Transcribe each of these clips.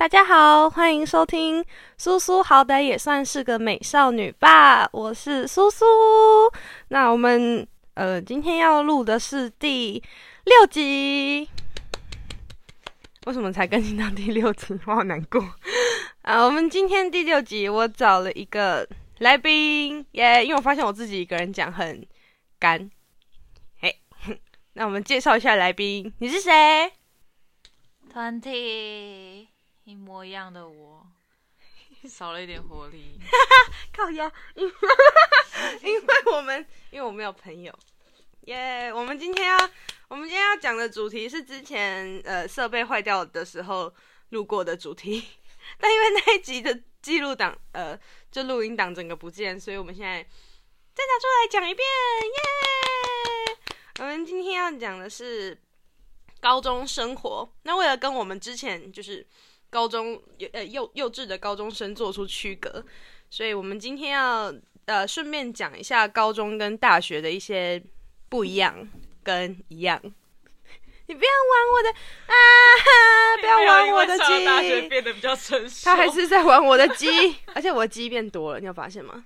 大家好，歡迎收聽。蘇蘇好歹也算是個美少女吧，我是蘇蘇。那我們呃，今天要錄的是第六集。為什麼才更新到第六集？我好難過啊！我們今天第六集，我找了一個來賓耶，yeah, 因為我發現我自己一個人講很乾、hey,。那我們介紹一下來賓，你是誰？Twenty。一模一樣的我， 少了一點活力。 靠呀！ 因為我們，因為我沒有朋友。耶、yeah,！我們今天要，我們今天要講的主題是之前呃設備壞掉的時候錄過的主題， 但因為那一集的記錄檔，呃，就錄音檔整個不見，所以我們現在再拿出來講一遍。耶、yeah! 我們今天要講的是高中生活。那為了跟我們之前就是。高中呃幼呃幼幼稚的高中生做出區隔，所以我們今天要呃順便講一下高中跟大學的一些不一樣跟一樣。 你不要玩我的啊哈！不要玩我的雞、哎，變得比較成熟。他還是在玩我的雞， 而且我的雞變多了，你有發現嗎？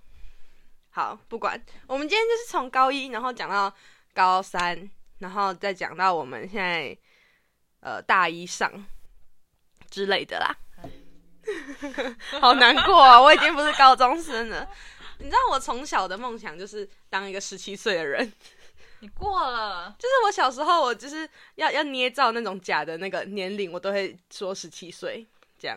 好，不管，我們今天就是從高一，然後講到高三，然後再講到我們現在呃大一上。之類的啦， 好難過啊！我已經不是高中生了。 你知道我從小的夢想就是當一個十七歲的人。你過了，就是我小時候，我就是要要捏造那種假的那個年齡，我都會說十七歲這樣。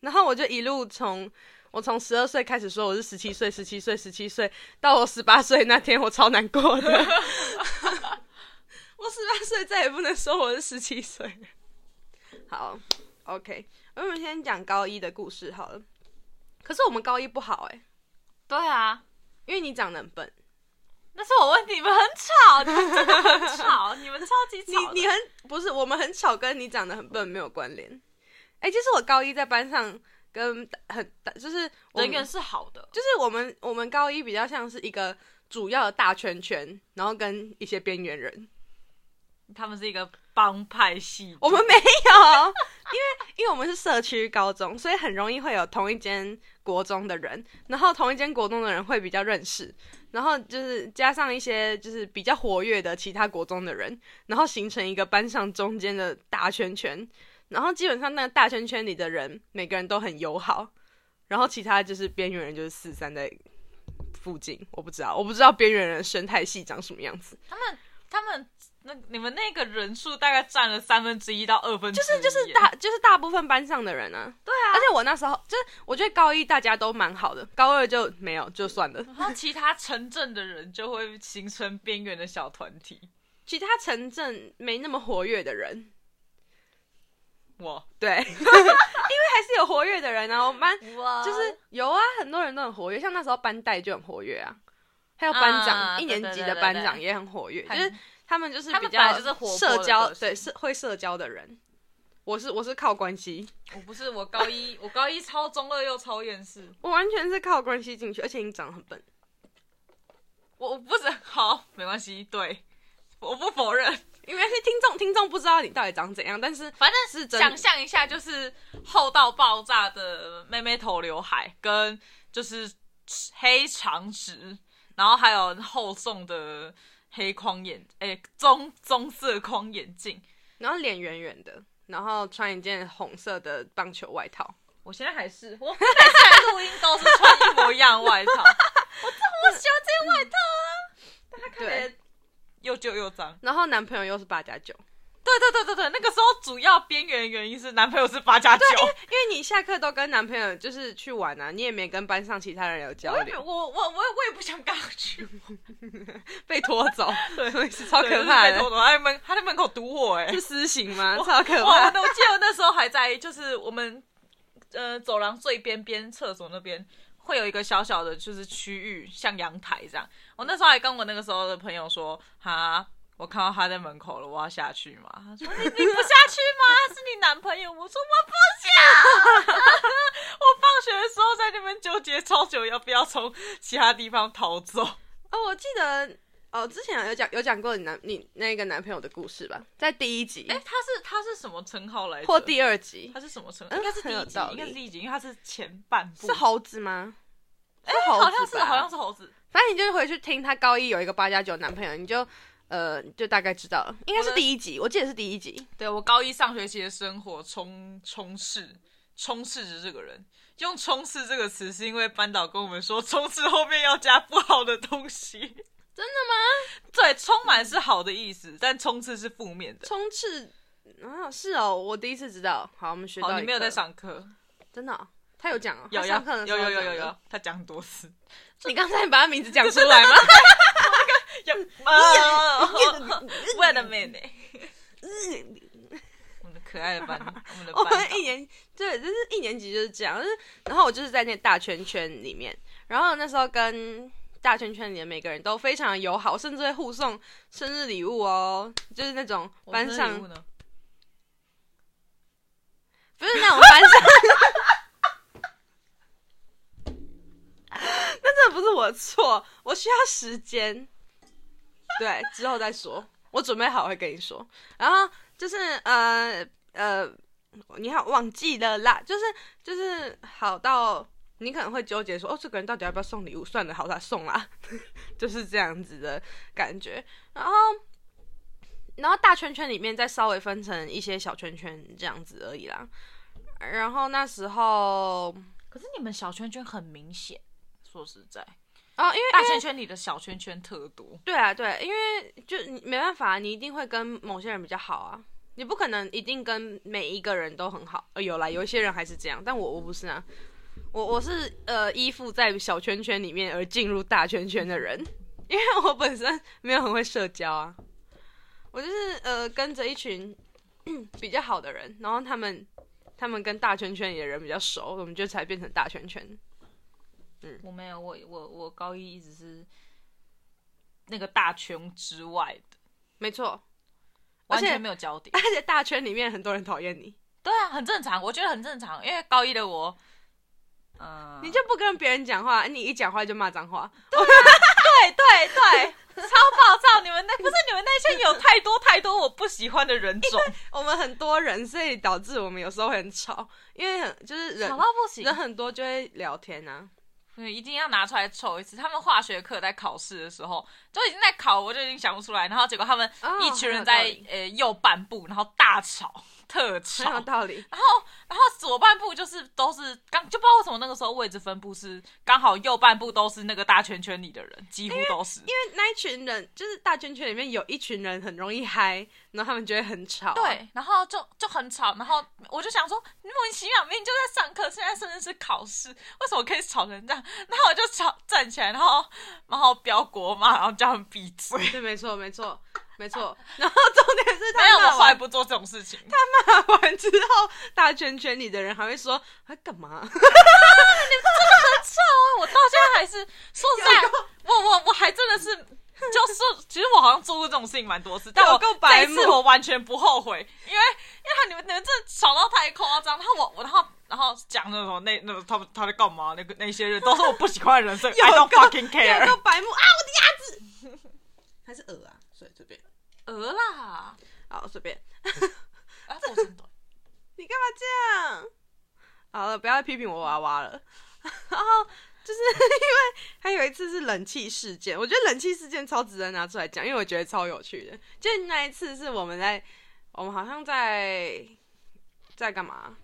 然後我就一路從我從十二歲開始說我是十七歲，十七歲，十七歲，到我十八歲那天，我超難過的。 我十八歲再也不能說我是十七歲。好。OK，我們先講高一的故事好了。可是我們高一不好哎、欸。對啊，因為你長得很笨。那是我問你們，你們很吵，你們真的很吵， 你們超級吵你。你很不是我們很吵，跟你長得很笨沒有關聯。哎、欸，其、就、實、是、我高一在班上跟很就是人緣是好的，就是我們我們高一比較像是一個主要的大圈圈，然後跟一些邊緣人，他們是一個幫派系。我們沒有。 因為因為我們是社區高中，所以很容易會有同一間國中的人，然後同一間國中的人會比較認識，然後就是加上一些就是比較活躍的其他國中的人，然後形成一個班上中間的大圈圈，然後基本上那個大圈圈裡的人每個人都很友好，然後其他就是邊緣人就是四三的附近，我不知道，我不知道邊緣人生態係長什麼樣子，他們他們。那你們那個人數大概占了三分之一到二分之一，就是，就是就是大就是大部分班上的人呢、啊。對啊，而且我那時候就是我覺得高一大家都蠻好的，高二就沒有就算了。然後其他城鎮的人就會形成邊緣的小團體， 其他城鎮沒那麼活躍的人。我，wow. 對， 因為還是有活躍的人啊，我們班，wow. 就是有啊，很多人都很活躍，像那時候班代就很活躍啊，還有班長，uh, 一年級的班長也很活躍，uh, 就是。他們就是比較的社交，的對，社會社交的人。我是我是靠關係，我不是我高一 我高一超中二又超厭世，我完全是靠關係進去。而且你長得很笨，我我不是好沒關係，對，我不否認，因為是聽眾聽眾不知道你到底長怎樣，但是反正，是想象一下，就是厚到爆炸的妹妹頭劉海，跟就是黑長直，然後還有厚重的。黑框眼，哎、欸，棕棕色框眼鏡，然後臉圓圓的，然後穿一件紅色的棒球外套。我現在還是，我每次錄音都是穿一模一樣的外套。 我真的好喜歡這件外套啊！嗯、但他看起來又舊又髒。對，又舊又髒。然後男朋友又是八加九。對對對對對，那個時候主要邊緣原因是男朋友是 8+9。對，因為你下課都跟男朋友就是去玩啊，你也沒跟班上其他人有交流。我我我我也不想跟他去， 被拖走， 對，是超可怕的。對、就是被拖走欸，超可怕的，我在門他在門口堵我，哎，去私刑嗎？超可怕，我記得我那時候還在就是我們呃走廊最邊邊廁所那邊會有一個小小的就是區域像陽台這樣，我那時候還跟我那個時候的朋友說，哈。我看到他在門口了，我要下去嘛？他說：“你你不下去嗎？他 是你男朋友。”我說：“我不想。 ”我放學的時候在那邊糾結超久，要不要從其他地方逃走？哦，我記得哦，之前有講有講過你男你那個男朋友的故事吧？在第一集，哎、欸，他是他是什麼稱號來着？或第二集，他是什麼稱、嗯？應該是第一集，很有道理，應該是第一集，因為他是前半部是猴子嗎？哎、欸，好像是好像是猴子。反正你就回去聽他高一有一個八加九男朋友，你就。呃，就大概知道了，應該是第一集、嗯，我記得是第一集。對，我高一上學期的生活充充斥充斥着這個人，用“充斥”這個詞是因為班導跟我們說“充斥”後面要加不好的東西。真的嗎？對，“充滿”是好的意思，但“充斥”是負面的。充斥啊，是哦，我第一次知道。好，我們學到好，你沒有在上課？真的、哦，他有講、哦，有上課，有有有有有，他講很多次。 你剛才把他名字講出來嗎？ 一樣的妹妹，我們的可愛的班， 我們的班一年，對，就是一年級就是這樣，就是然後我就是在那大圈圈裡面，然後那時候跟大圈圈裡的每個人都非常友好，甚至會互送生日禮物哦、喔，就是那種班上，我不，是禮物呢不是那種班上， 那真的不是我錯，我需要時間。 對，之後再說。我準備好會跟你說。然後就是呃呃，你好，忘記了啦？就是就是好到你可能會糾結說，哦，這個人到底要不要送禮物？算了，好，他送啦， 就是這樣子的感覺。然後然後大圈圈裡面再稍微分成一些小圈圈這樣子而已啦。然後那時候，可是你們小圈圈很明顯，說實在。哦、oh，因為大圈圈裡的小圈圈特多。對啊，對啊，因為就沒辦法，你一定會跟某些人比較好啊，你不可能一定跟每一個人都很好。呃、有啦，有一些人還是這樣，但我我不是啊，我我是呃依附在小圈圈裡面而進入大圈圈的人，因為我本身沒有很會社交啊，我就是呃跟着一群 比較好的人，然後他們他們跟大圈圈裡的人比較熟，我們就才變成大圈圈。我沒有，我我我高一一直是那個大圈之外的，沒錯，完全沒有焦點，而且大圈裡面很多人討厭你，對啊，很正常，我覺得很正常，因為高一的我，嗯、呃，你就不跟別人講話，你一講話就罵髒話，對啊、 對對對， 超暴躁，你們那不是你們那些有太多太多我不喜歡的人種，因為我們很多人所以導致我們有時候很吵，因為很就是人吵到不行，人很多就會聊天啊。對，一定要拿出來瞅一次。他們化學課在考試的時候就已經在考，我就已經想不出來。然後結果他們一群人在，oh, 呃右半部，然後大吵。特吵，很有道理。然後，然後左半部就是都是剛，就不知道為什麼那個時候位置分布是剛好右半部都是那個大圈圈裡的人，幾乎都是。因為，因為那一群人就是大圈圈裡面有一群人很容易嗨，然後他們覺得很吵、啊。對，然後就就很吵，然後我就想說你莫名其妙，明明就在上課，現在甚至是，是考試，為什麼可以吵成這樣？然後我就吵站起來，然後然後飆國罵，然後叫他們閉嘴。對，沒錯，沒錯。沒錯，然後重點是他罵完不做這種事情，他罵完之後，大圈圈裡的人還會說他幹嘛、啊啊？你們真的很臭啊！我到現在還是，說實在，我我我還真的是，就是說，其實我好像做過這種事情蠻多次，但我夠白目，我，我完全不後悔，因為因為他你們你們這吵到太誇張，然後我我然後然後講那時候，那那個、他他在幹嘛？那個那些人都是我不喜歡的人，所以 I don't fucking care。夠白目啊！我的鴨子還是鵝啊？隨隨便，呃、嗯、啦，好隨便， 這你幹嘛這樣？好了，不要再批評我娃娃了。然 後就是因為還有一次是冷氣事件，我覺得冷氣事件超值得拿出來講，因為我覺得超有趣的。就是那一次是我們在，我們好像在在幹嘛？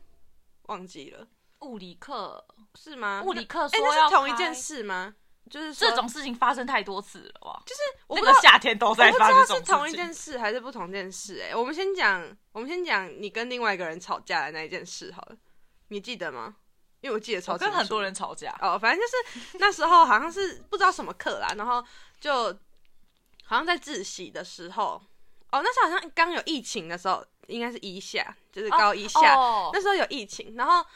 忘記了，物理課是嗎？物理課，說、欸、那是同一件事嗎？就是這種事情發生太多次了哇，就是我這、那個夏天都在發生這種事情。我不知道是同一件事還是不同件事，欸？哎，我們先講，我們先講你跟另外一個人吵架的那一件事好了。你記得嗎？因為我記得吵架，跟很多人吵架哦，反正就是那時候好像是不知道什麼課啦， 然後就好像在自習的時候哦，那時候好像剛有疫情的時候，應該是一下，就是高一下，啊，那時候有疫情，哦，然後。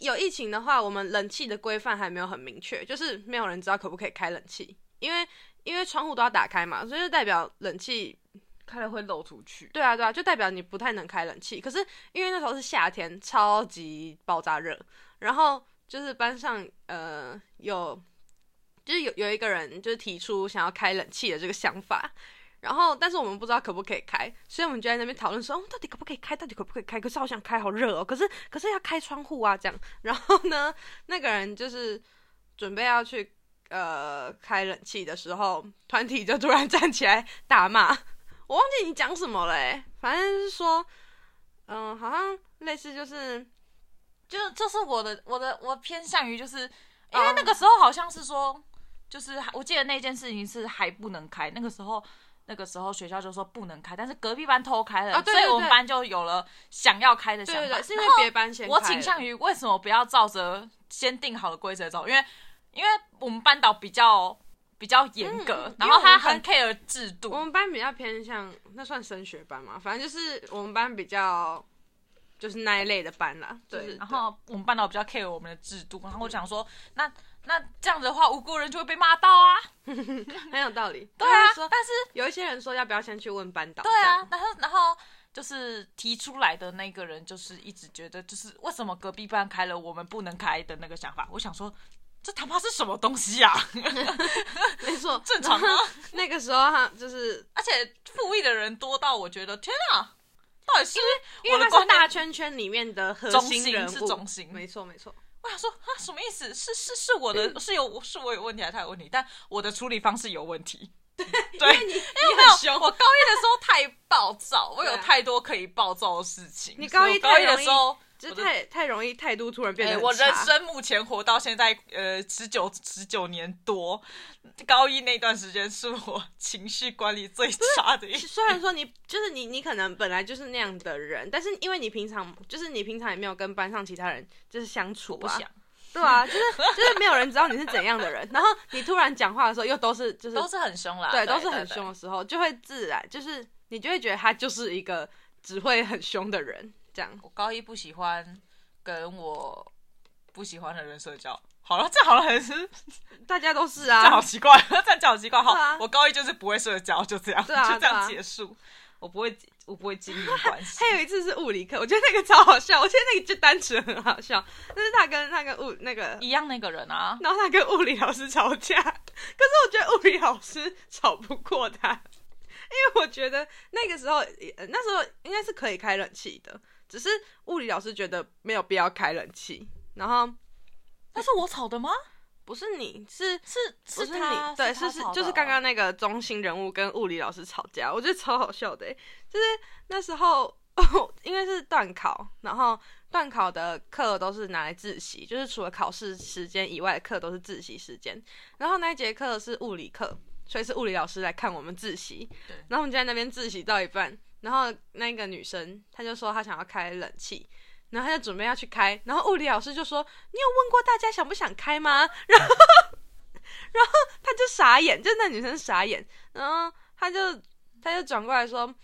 有疫情的話，我們冷氣的規範還沒有很明確，就是沒有人知道可不可以開冷氣，因為因為窗戶都要打開嘛，所以就代表冷氣開了會漏出去。對啊，對啊，就代表你不太能開冷氣。可是因為那時候是夏天，超級爆炸熱，然後就是班上呃有就是有有一個人就是提出想要開冷氣的這個想法。然後，但是我們不知道可不可以開，所以我們就在那邊討論說，哦、到底可不可以開，到底可不可以開？可是好想開，好熱哦！可是，可是要開窗戶啊，這樣。然後呢，那個人就是準備要去呃開冷氣的時候，團體就突然站起來大罵，我忘記你講什麼了，反正就是說，嗯，好像類似就是，就是這、就是我的我的我偏向於就是、嗯，因為那個時候好像是說，就是我記得那件事情是還不能開，那個時候。那個時候學校就說不能開，但是隔壁班偷開了，哦、對對對，所以我們班就有了想要開的想法。對對對，是因為別班先開。我傾向於，為什麼不要照着先定好的規則走？因為因為我們班導比較比較嚴格，嗯，然後他很 care 制度我。我們班比較偏向那算升學班嘛，反正就是我們班比較就是那一類的班啦。就是，對，對，對，然後我們班導比較 care 我們的制度，然後我想說那。那這樣的話，無辜人就會被罵到啊， 很有道理。對啊但，但是有一些人說要不要先去問班導？對啊，然後然後就是提出來的那個人，就是一直覺得就是為什麼隔壁班開了我們不能開的那個想法。我想說，這他媽是什麼東西啊？ 沒錯，正常啊。那個時候哈，就是，而且附議的人多到我覺得天啊。到底是因為因為那是大圈圈裡面的核心人物，中心是中心。沒錯，沒錯。我想說啊，什麼意思？是是是我的、嗯、是有是我有問題還是他有問題？但我的處理方式有問題。對，對因為你，你很兇，因為我我高一的時候太暴躁， 我有太多可以暴躁的事情。你高一高一的時候。就是、太太容易態度突然變得我、欸，我人生目前活到現在呃十九十九年多，高一那段時間是我情緒管理最差的一。雖然說你就是你，你可能本來就是那樣的人，但是因為你平常就是你平常也沒有跟班上其他人就是相處、啊、我不想。對啊，就是就是沒有人知道你是怎樣的人， 然後你突然講話的時候又都是就是都是很凶啦，對,對,對,對，都是很凶的時候，就會自然就是你就會覺得他就是一個只會很凶的人。這樣，我高一不喜歡跟我不喜歡的人社交。好了，這樣好了還是？大家都是啊。這樣好奇怪，這樣好奇怪，好、啊、我高一就是不會社交，就這樣、啊，就這樣結束、啊。我不會，我不會經營關係。 還有一次是物理課，我覺得那個超好笑。我覺得那個就單純很好笑，但是他跟那個物那個一樣那個人啊，然後他跟物理老師吵架。可是我覺得物理老師吵不過他，因為我覺得那個時候、呃、那時候應該是可以開冷氣的。只是物理老師覺得沒有必要開冷氣，然後那是我吵的嗎？不是你，你是是不是？是，對，是是、哦、就是剛剛那個中心人物跟物理老師吵架，我覺得超好笑的。就是那時候、哦、因為是段考，然後段考的課都是拿來自習，就是除了考試時間以外的課都是自習時間。然後那一節課是物理課，所以是物理老師來看我們自習。然後我們就在那邊自習到一半。然後那個女生，她就說她想要開冷氣，然後她就準備要去開，然後物理老師就說：“你有問過大家想不想開嗎？”然後，然後她就傻眼，就那女生傻眼，然後她就她就轉過來說。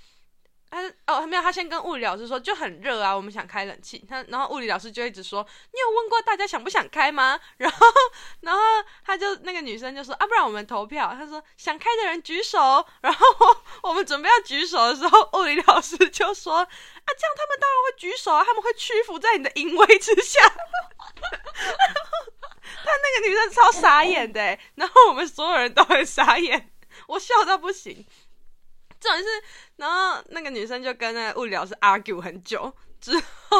他、啊、哦他沒有，他先跟物理老師說就很熱啊，我們想開冷氣。他然後物理老師就一直說，你有問過大家想不想開嗎？然後然後他就那個女生就說啊，不然我們投票。他說想開的人舉手。然後我，我們準備要舉手的時候，物理老師就說啊，這樣他們當然會舉手啊，他們會屈服在你的淫威之下。 他那個女生超傻眼的、欸，然後我們所有人都很傻眼，我笑到不行。重點是，然後那個女生就跟那個物理老師 argue 很久，之後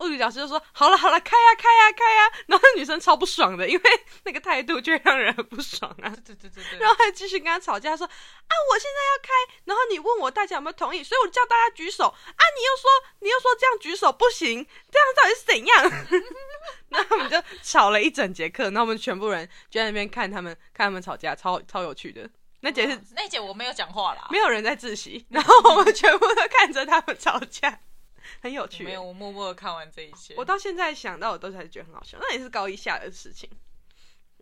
物理老師就說：“好了好了，開呀開呀開呀。”然後那女生超不爽的，因為那個態度就讓人很不爽啊。對對對對，對。然後還繼續跟他吵架，說：“啊，我現在要開，然後你問我大家有沒有同意，所以我叫大家舉手啊，你又說你又說這樣舉手不行，這樣到底是怎樣？” 然後我們就吵了一整節課，然後我們全部人就在那邊看他們看他們吵架，超超有趣的。那節是那節，我沒有講話啦，沒有人在自習，然後我們全部都看着他們吵架， 很有趣。沒有，我默默的看完這一切，我到現在想到我都還是覺得很好笑。那也是高一下的事情，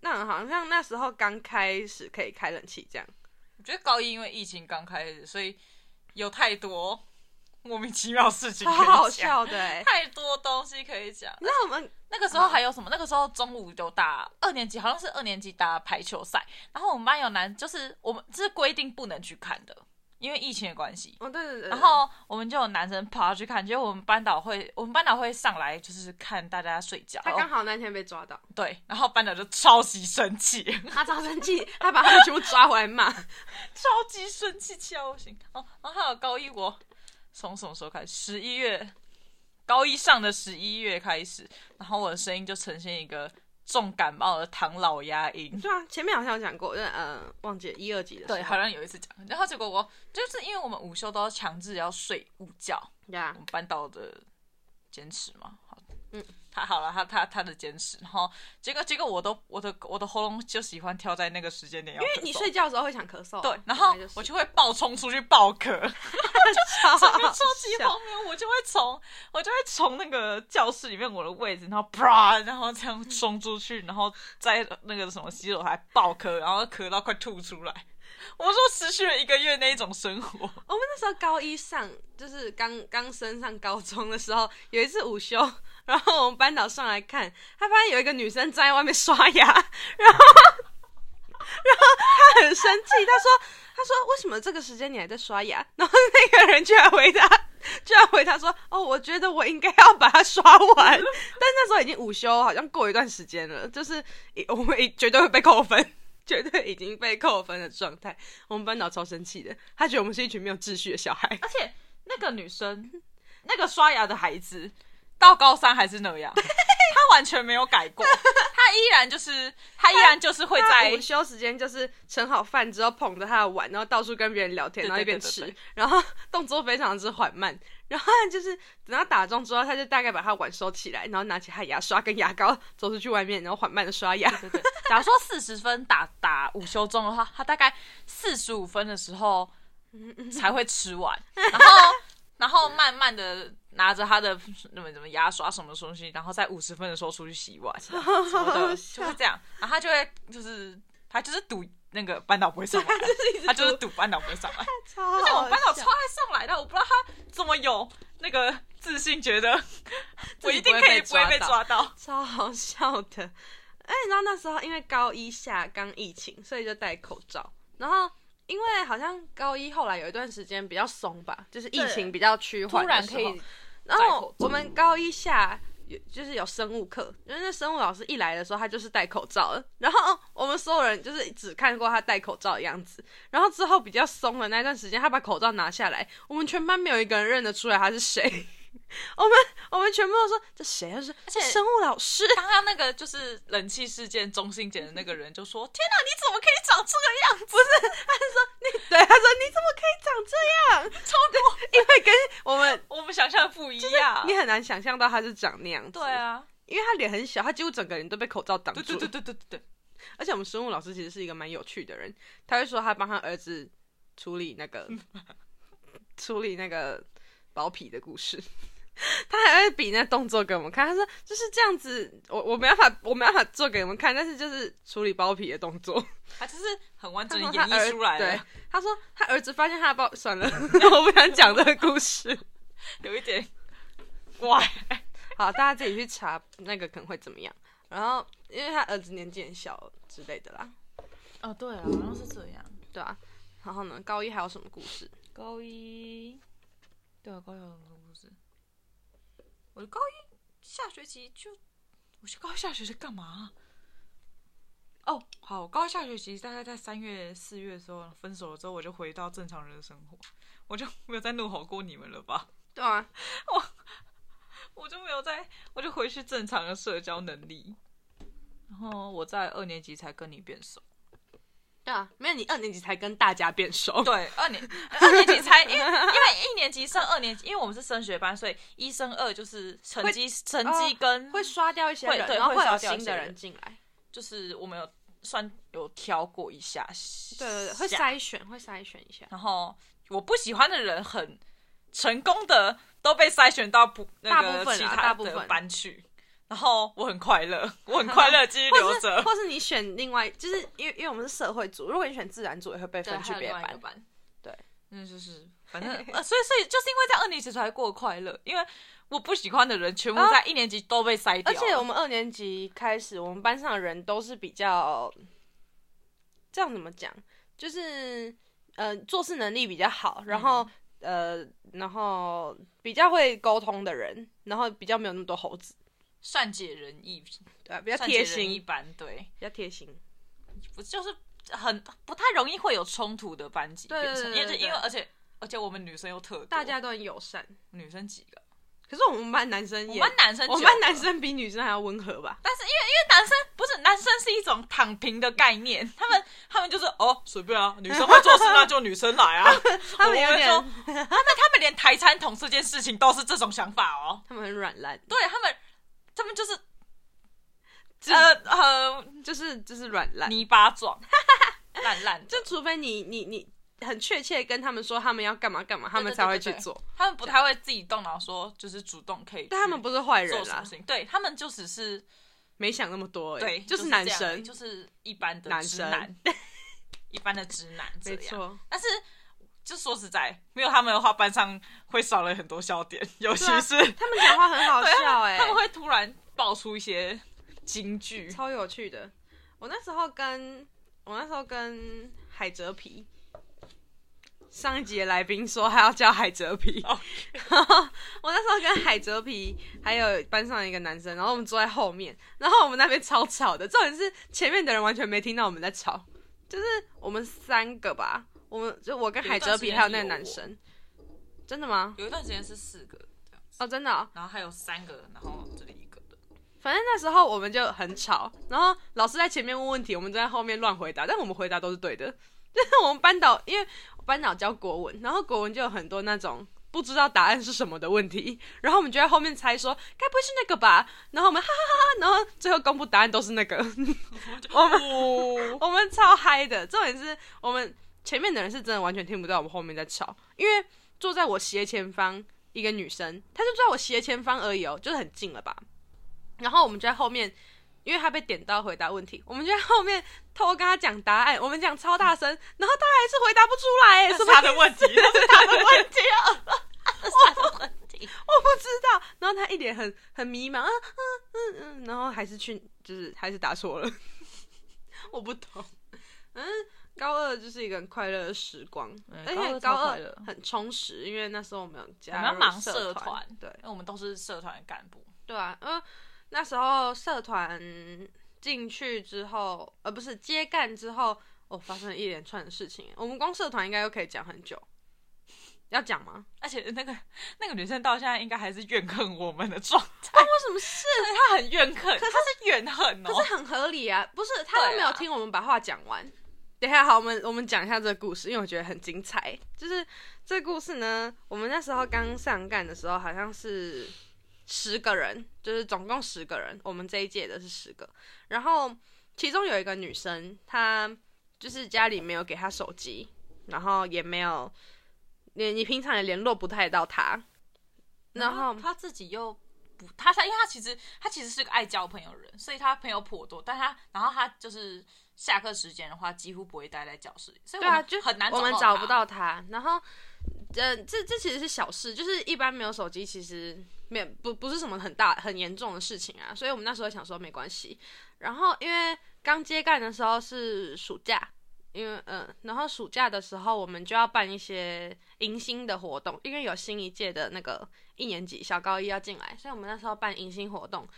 那好像那時候剛開始可以開冷氣這樣。我覺得高一因為疫情剛開始，所以有太多莫名其妙事情可以講，好好笑，對，太多東西可以講。那我們。那個時候還有什麼？Oh. 那個時候中午有打二年級，好像是二年級打排球賽。然後我們班有男，就是我們、就是規定不能去看的，因為疫情的關係。哦、oh,，對對對。然後我們就有男生跑下去看，結果我們班導會，我們班導會上來就是看大家睡覺。他剛好那天被抓到。對，然後班導就超級生氣，他超生氣，他把他們全部抓回來罵， 超級生氣，氣到不行。哦，然後還有高一我從什麼時候開始？十一月。高一上的十一月開始，然後我的聲音就呈現一個重感冒的唐老鴨音。對啊，前面好像有講過，但嗯、呃，忘記了，一二集的。對，好像有一次講，然後結果我就是因為我們午休都要強制要睡午覺，對啊，我們班導的堅持嘛。好，嗯。他好了，他他他的堅持，然後結果結果我都我的我的喉嚨就喜歡挑在那個時間點，因為你睡覺的時候會想咳嗽，啊，對，然後我就會爆衝出去爆咳， 就整、這個超級荒我就會從我就會從那個教室裡面我的位置，然後啪，然後這樣衝出去，然後在那個什麼洗手台爆咳，然後咳到快吐出來，我說持續了一個月那一種生活。 我們那時候高一上，就是剛剛升上高中的時候，有一次午休。然後我們班導上來看，他發現有一個女生站在外面刷牙，然後，然後他很生氣，他說：“他說為什麼這個時間你還在刷牙？”然後那個人居然回答，居然回答說：“哦，我覺得我應該要把它刷完。”但那時候已經午休，好像過一段時間了，就是我們絕對會被扣分，絕對已經被扣分的狀態。我們班導超生氣的，他覺得我們是一群沒有秩序的小孩，而且那個女生，那個刷牙的孩子。到高三還是那樣，他完全沒有改過， 他依然就是他依然就是會在他他午休時間就是盛好飯之後捧着他的碗，然後到處跟別人聊天，然後一邊吃。對對對對對對對，然後動作非常之緩慢，然後就是等他打鐘，之後他就大概把他碗收起來，然後拿起他牙刷跟牙膏走出去外面，然後緩慢的刷牙。對對對，假如說四十分打打午休鐘的話，他大概四十五分的時候 才會吃完，然後然後慢慢的。拿着他的什麼什麼牙刷什麼東西，然後在五十分的時候出去洗碗什麼的，就是這樣。然後他就會就是他就是賭那個班導不會上來，他就是賭班導不會上來。而且我們班導超愛上來的，我不知道他怎麼有那個自信，覺得我一定可以不會被抓到，超好笑的。哎、欸，你知道那時候因為高一下剛疫情，所以就戴口罩。然後因為好像高一後來有一段時間比較鬆吧，就是疫情比較趨緩。突然可以。然、喔、後我們高一下有就是有生物課，因為那生物老師一來的時候，他就是戴口罩，然後我們所有人就是只看過他戴口罩的樣子，然後之後比較鬆的那段時間，他把口罩拿下來，我們全班沒有一個人認得出來他是誰。 我們我們全部都說，這誰啊？是，而且生物老師剛剛那個就是冷氣事件中心點的那個人就說：“ 天哪，你怎麼可以長這個樣子？”不是，他就說：“你對他說你怎麼可以長這樣？中 國，因為跟我們 我們想象不一樣，就是、你很難想象到他是長那樣。對啊，因為他臉很小，他幾乎整個人都被口罩擋住了。對對對對對對對。而且我們生物老師其實是一個蠻有趣的人，他會說他幫他兒子處理那個 處理那個。包皮的故事，他還會比那動作給我們看。他說就是這樣子，我我沒辦法，我沒辦法做給你們看。但是就是處理包皮的動作，他就是很完整的演繹出來，他，他，對，他說他兒子發現他的包，算了，我不想講這個故事， 有一點哇，好，大家自己去查那個可能會怎麼樣。然後因為他兒子年紀很小之類的啦。哦對啊，好像是這樣，對啊。然後呢，高一還有什麼故事？高一。對啊，高校的故事，我的高一下學期就，我是高一下學期幹嘛？哦，oh，好，高一下學期大概在三月四月的時候分手了之後，我就回到正常人的生活，我就沒有再怒吼過你們了吧？對啊，我我就沒有再，我就回去正常的社交能力。然後我在二年級才跟你變熟。沒有，你二年級才跟大家變熟。對，二年， 二，年二年級才，因為因為一年級升 二年級，因為我們是升學班，所以一升二就是成績成績跟會、哦、會刷掉一些會對，會刷新的人進來。就是我們有算有挑過一下，下，對，對，對，會篩選會篩選一下。然後我不喜歡的人很成功的都被篩選到不大部分，其他的班去。然後我很快樂， 我很快樂，繼續留着。或是你選另外，就是因為因為我們是社會組，如果你選自然組，也會被分去別的班。對，那、嗯、就是反正、 呃，所以所以就是因為在二年級才過快樂，因為我不喜歡的人全部在一年級都被塞掉。掉、啊。而且我們二年級開始，我們班上的人都是比較，這樣怎麼講？就是呃，做事能力比較好，然後、嗯、呃，然後比較會溝通的人，然後比較沒有那麼多猴子。善解人意，對、啊、比較貼心。一般對，比較貼心，不就是很不太容易會有衝突的班級？對，對，因為，因為，對對對，而且而且我們女生又特，大家都很友善。女生幾個？可是我們班男生也，我們男生，我們班男生比女生還要溫和吧？但是因為因為男生不是男生，是一種躺平的概念，他們他們就是哦隨便啊，女生會做事，那就女生來啊， 他們會說，他們，們， 他，們，他們連抬餐桶這件事情都是這種想法哦，他們很軟爛，對他們。他們就是，就呃呃，就是就是軟爛泥巴狀，爛 爛。就除非你你你很確切跟他們說他們要幹嘛幹嘛對對對對，他們才會去做對對對對。他們不太會自己動腦說，就是主動可以做。但他們不是壞人，對他們就只是沒想那麼多、欸。對，就是男生，就是一般的男生，就是、一般的直男，男 直男這樣沒錯。但是。就說實在，沒有他們的話，班上會少了很多笑點，尤其是、啊、他們講話很好笑哎、欸，他們會突然爆出一些金句，超有趣的。我那時候跟我那時候跟海哲皮，上一集的來賓說還要叫海哲皮，Oh. 我那時候跟海哲皮還有班上一個男生，然後我們坐在後面，然後我們那邊超吵，吵的，重點是前面的人完全沒聽到我們在吵，就是我們三個吧。我們就我跟海哲皮還有那個男生，真的嗎？有一段時間是四個哦，真的啊、哦。然後還有三個，然後這裡一個的。反正那時候我們就很吵，然後老師在前面問問題，我們就在後面亂回答，但我們回答都是對的。就是我們班導，因為班導教國文，然後國文就有很多那種不知道答案是什麼的問題，然後我們就在後面猜說，該不會是那個吧？然後我們哈哈哈哈，然後最後公布答案都是那個， 我們、哦、 我們超嗨的。重點是，我們。前面的人是真的完全聽不到我們後面在吵，因為坐在我斜前方一個女生，她就坐在我斜前方而已哦，就是很近了吧。然後我們就在後面，因為她被點到回答問題，我們就在後面偷跟她講答案，我們講超大聲，嗯、然後她還是回答不出來，他是她的問題，是她的，的，的問題啊， 他是她的問題我，我不知道。然後她一臉很很迷茫，啊、嗯嗯嗯嗯，然後還是去就是還是答錯了， 我不懂，嗯。高二就是一個很快樂的時光，嗯、而且高二，高二很充實，因為那時候我們有加入社團，對，因為我們都是社團幹部。對啊，嗯、那時候社團進去之後，而、呃、不是接幹之後，哦、發生了一連串的事情。我們光社團應該又可以講很久，要講嗎？而且那個那個女生到現在應該還是怨恨我們的狀態，為、啊、我什麼事？她很怨恨，可是她是怨恨哦，可是很合理啊，不是她都沒有聽我們把話講完。等一下好，我們我們講一下這個故事，因為我覺得很精彩。就是這個故事呢，我們那時候剛上幹的時候，好像是十個人，就是總共十個人。我們這一屆的是十個，然後其中有一個女生，她就是家裡沒有給她手機，然後也沒有連你，你平常也聯絡不太到她。然後她自己又不，她她因為她其實她其實是個愛交朋友的人，所以她朋友頗多。但她然後她就是。下課時間的話，幾乎不會待在教室裡，所以，對啊，就很難，我們找不到他。然後，嗯、這這這其實是小事，就是一般沒有手機，其實沒不不是什麼很大很嚴重的事情啊。所以我們那時候想說沒關係。然後因為剛接幹的時候是暑假，因為嗯，然後暑假的時候我們就要辦一些迎新的活動，因為有新一屆的那個一年級小高一要進來，所以我們那時候辦迎新活動，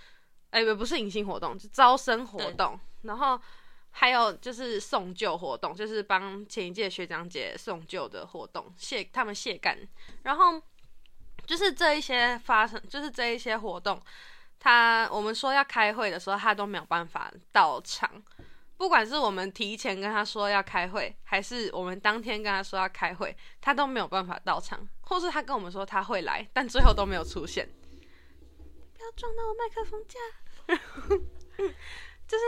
哎、欸，不是迎新活動，是招生活動。然後還有就是送舊活動，就是幫前一屆學長姐送舊的活動，卸他們卸幹。然後就是這一些發生，就是這一些活動，他我們說要開會的時候，他都沒有辦法到場。不管是我們提前跟他說要開會，還是我們當天跟他說要開會，他都沒有辦法到場。或是他跟我們說他會來，但最後都沒有出現。 不要撞到我麥克風架。就 是就是。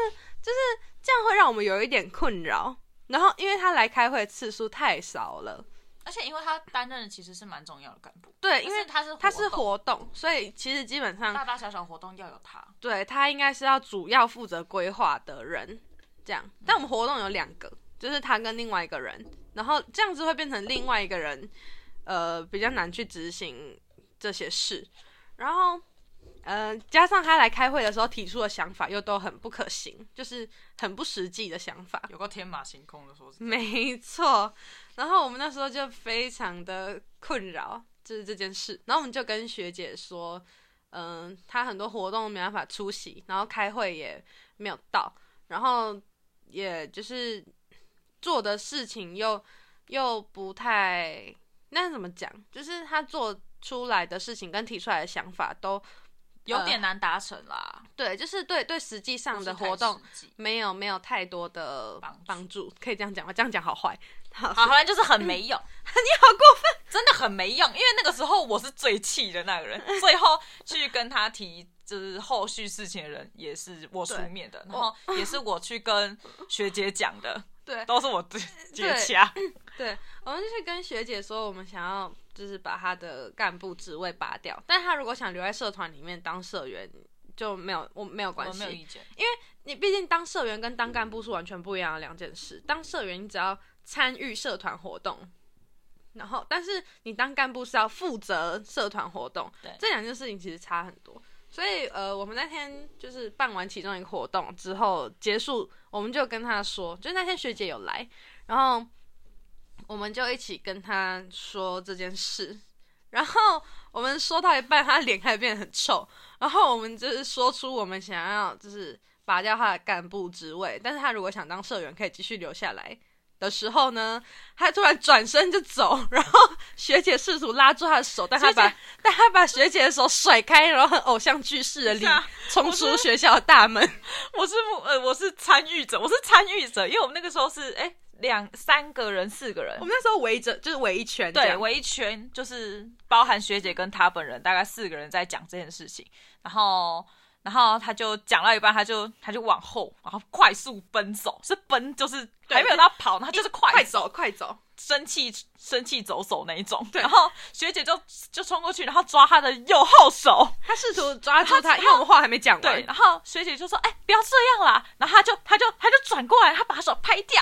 就是這樣會讓我們有一點困擾，然後因為他來開會的次數太少了，而且因為他擔任的其實是蠻重要的幹部，對，因為他是他是活動，是活動，所以其實基本上大大小小活動要有他，對，他應該是要主要負責規劃的人，這樣，但我們活動有兩個，就是他跟另外一個人，然後這樣子會變成另外一個人，呃，比較難去執行這些事，然後。呃，加上他來開會的時候提出的想法又都很不可行，就是很不實際的想法，有個天馬行空的說，沒錯。然後我們那時候就非常的困擾，就是這件事。然後我們就跟學姐說，嗯、呃，他很多活動沒辦法出席，然後開會也沒有到，然後也就是做的事情又又不太，那怎麼講？就是他做出來的事情跟提出來的想法都。有點難達成啦、呃，對，就是對對，實際上的活動、就是、沒有沒有太多的幫助，幫助，可以這樣講嗎？這樣講好壞，好壞 就是很沒用。 你好過分， 真的很沒用。因為那個時候我是最氣的那個人， 最後去跟他提就是後續事情的人也是我出面的，然後也是我去跟學姐講的， 對，都是我自己接洽。對，我們就去跟學姐說我們想要。就是把他的幹部職位拔掉，但他如果想留在社團裡面當社員，就沒有，我沒有關係，我沒有意見，因為你畢竟當社員跟當幹部是完全不一樣的兩件事、嗯。當社員你只要參與社團活動，然後但是你當幹部是要負責社團活動，對，這兩件事情其實差很多。所以呃，我們那天就是辦完其中一個活動之後結束，我們就跟他說，就是那天學姐有來，然後。我們就一起跟他說這件事，然後我們說到一半，他臉開始變得很臭。然後我們就是說出我們想要就是拔掉他的幹部職位，但是他如果想當社員可以繼續留下來的時候呢，他突然轉身就走。然後學姐試圖拉住他的手，但他把但他把學姐的手甩開，然後很偶像劇式的領、啊、衝出學校的大門。我是，我是，呃，我是參與者，我是參與者，因為我們那個時候是哎。欸兩三個人，四個人，我們那時候圍着就是圍一,一圈，對，圍一圈就是包含學姐跟他本人，大概四個人在講這件事情。然後，然後他就講到一半，他就他就往後，然後快速奔走，是奔就是還沒有到跑，他就是快、欸、快走快走，生氣生氣走走那一種。對。然後學姐就就衝過去，然後抓他的右後手，他試圖抓住他，他，他，因為我們話還沒講完。對，然後學姐就說：“哎、欸，不要這樣啦。”然後他就他就他就轉過來，他把手拍掉。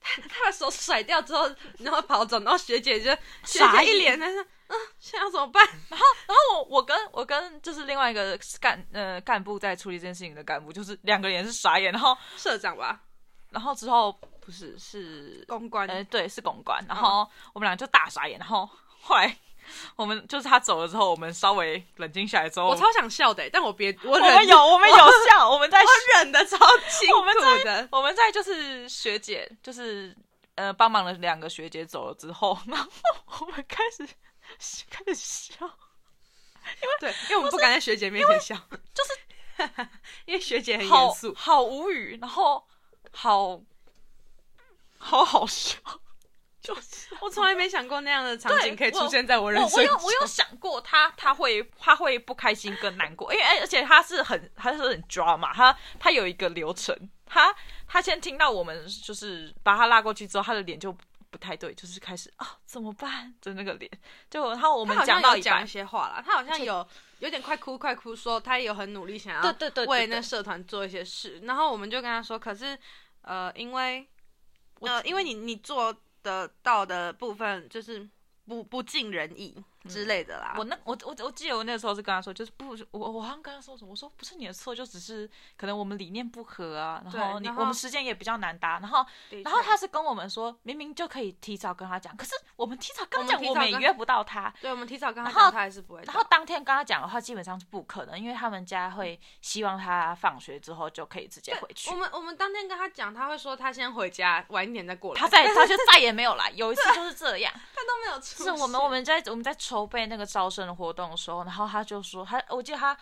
他他把手甩掉之後，然後跑走，然後學姐就傻 一臉，他說：“嗯，現在要怎麼辦？”然後，然後我我跟我跟就是另外一個幹呃幹部在處理這件事情的幹部，就是兩個人也是傻眼。然後社長吧，然後之後不是是公關，呃，對，是公關，然後我們倆就大傻眼，然後後來。嗯我們就是他走了之後，我們稍微冷靜下來之後，我超想笑的欸，但我別，我們有，我們有笑，我，我們在，選的超辛苦。我們的，我們在就是學姐，就是呃，幫忙的兩個學姐走了之後，然後我們開始開始笑，因為對，因為我們不敢在學姐面前笑，是就是 因為學姐很嚴肅，好無語，然後好好好笑。我從來沒想過那樣的場景可以出現在我人生我我我。我有我有想過他他會他會不開心跟難過， 因為而且他是很他是很 drama 嘛，他他有一個流程，他他先聽到我們就是把他拉過去之後，他的臉就不，不太對，就是開始啊、哦、怎麼辦？就那個臉，就然後我們講到講一些話了，他好像有好像有，有點快哭快哭說，說他也有很努力想要對對對為那社團做一些事，然後我們就跟他說，可是呃因為呃因為你你做。得到的部分就是不不盡人意。之類的啦，嗯、我那我我我記得我那個時候是跟他說，就是不我我好像跟他說什麼，我說不是你的錯，就只是可能我們理念不合啊，然後你然後我們時間也比較難搭，然後然後他是跟我們說明明就可以提早跟他講，可是我們提早跟他講，我們也約不到他，對，我們提早跟他講，他還是不會然，然後當天跟他講的話基本上是不可能，因為他們家會希望他放學之後就可以直接回去。我們我們當天跟他講，他會說他先回家，晚一點再過來，他再他就再也沒有來， 有一次就是這樣，他都沒有出。是我們我們在我們在。籌備那個招生的活動的時候，然後他就說他，我記得他，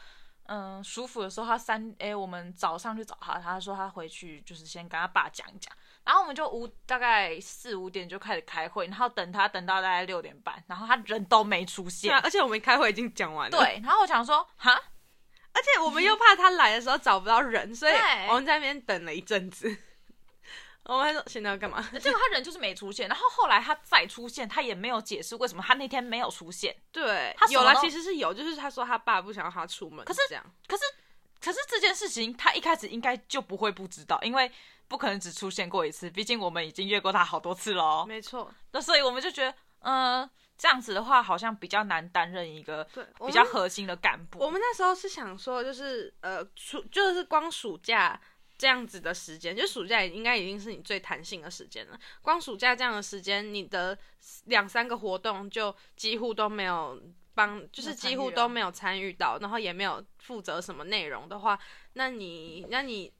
嗯，舒服的時候他三，哎，我們早上去找他，他說他回去就是先跟他爸講一講，然後我們就五大概四五點就開始開會，然後等他等到大概六點半，然後他人都沒出現，啊、而且我們開會已經講完了，對，然後我想說哈，而且我們又怕他來的時候找不到人，嗯、所以我們在那邊等了一陣子。我們還說現在要幹嘛？ 結果他人就是沒出現，然後後來他再出現，他也沒有解釋為什麼他那天沒有出現。對，他有啦，其實是有，有，就是他說他爸不想要他出門。可是這樣，可是，可是這件事情他一開始應該就不會不知道，因為不可能只出現過一次，畢竟我們已經約過他好多次嘍。沒錯，那所以我們就覺得，嗯、呃，這樣子的話好像比較難擔任一個比較核心的幹部我。我們那時候是想說，就是呃，暑就是光暑假。這樣子的時間，就暑假也應該已經是你最彈性的時間了。光暑假這樣的時間，你的兩三個活動就幾乎都沒有幫，就是幾乎都沒有參與到，然後也沒有負責什麼內容的話，那你，那你，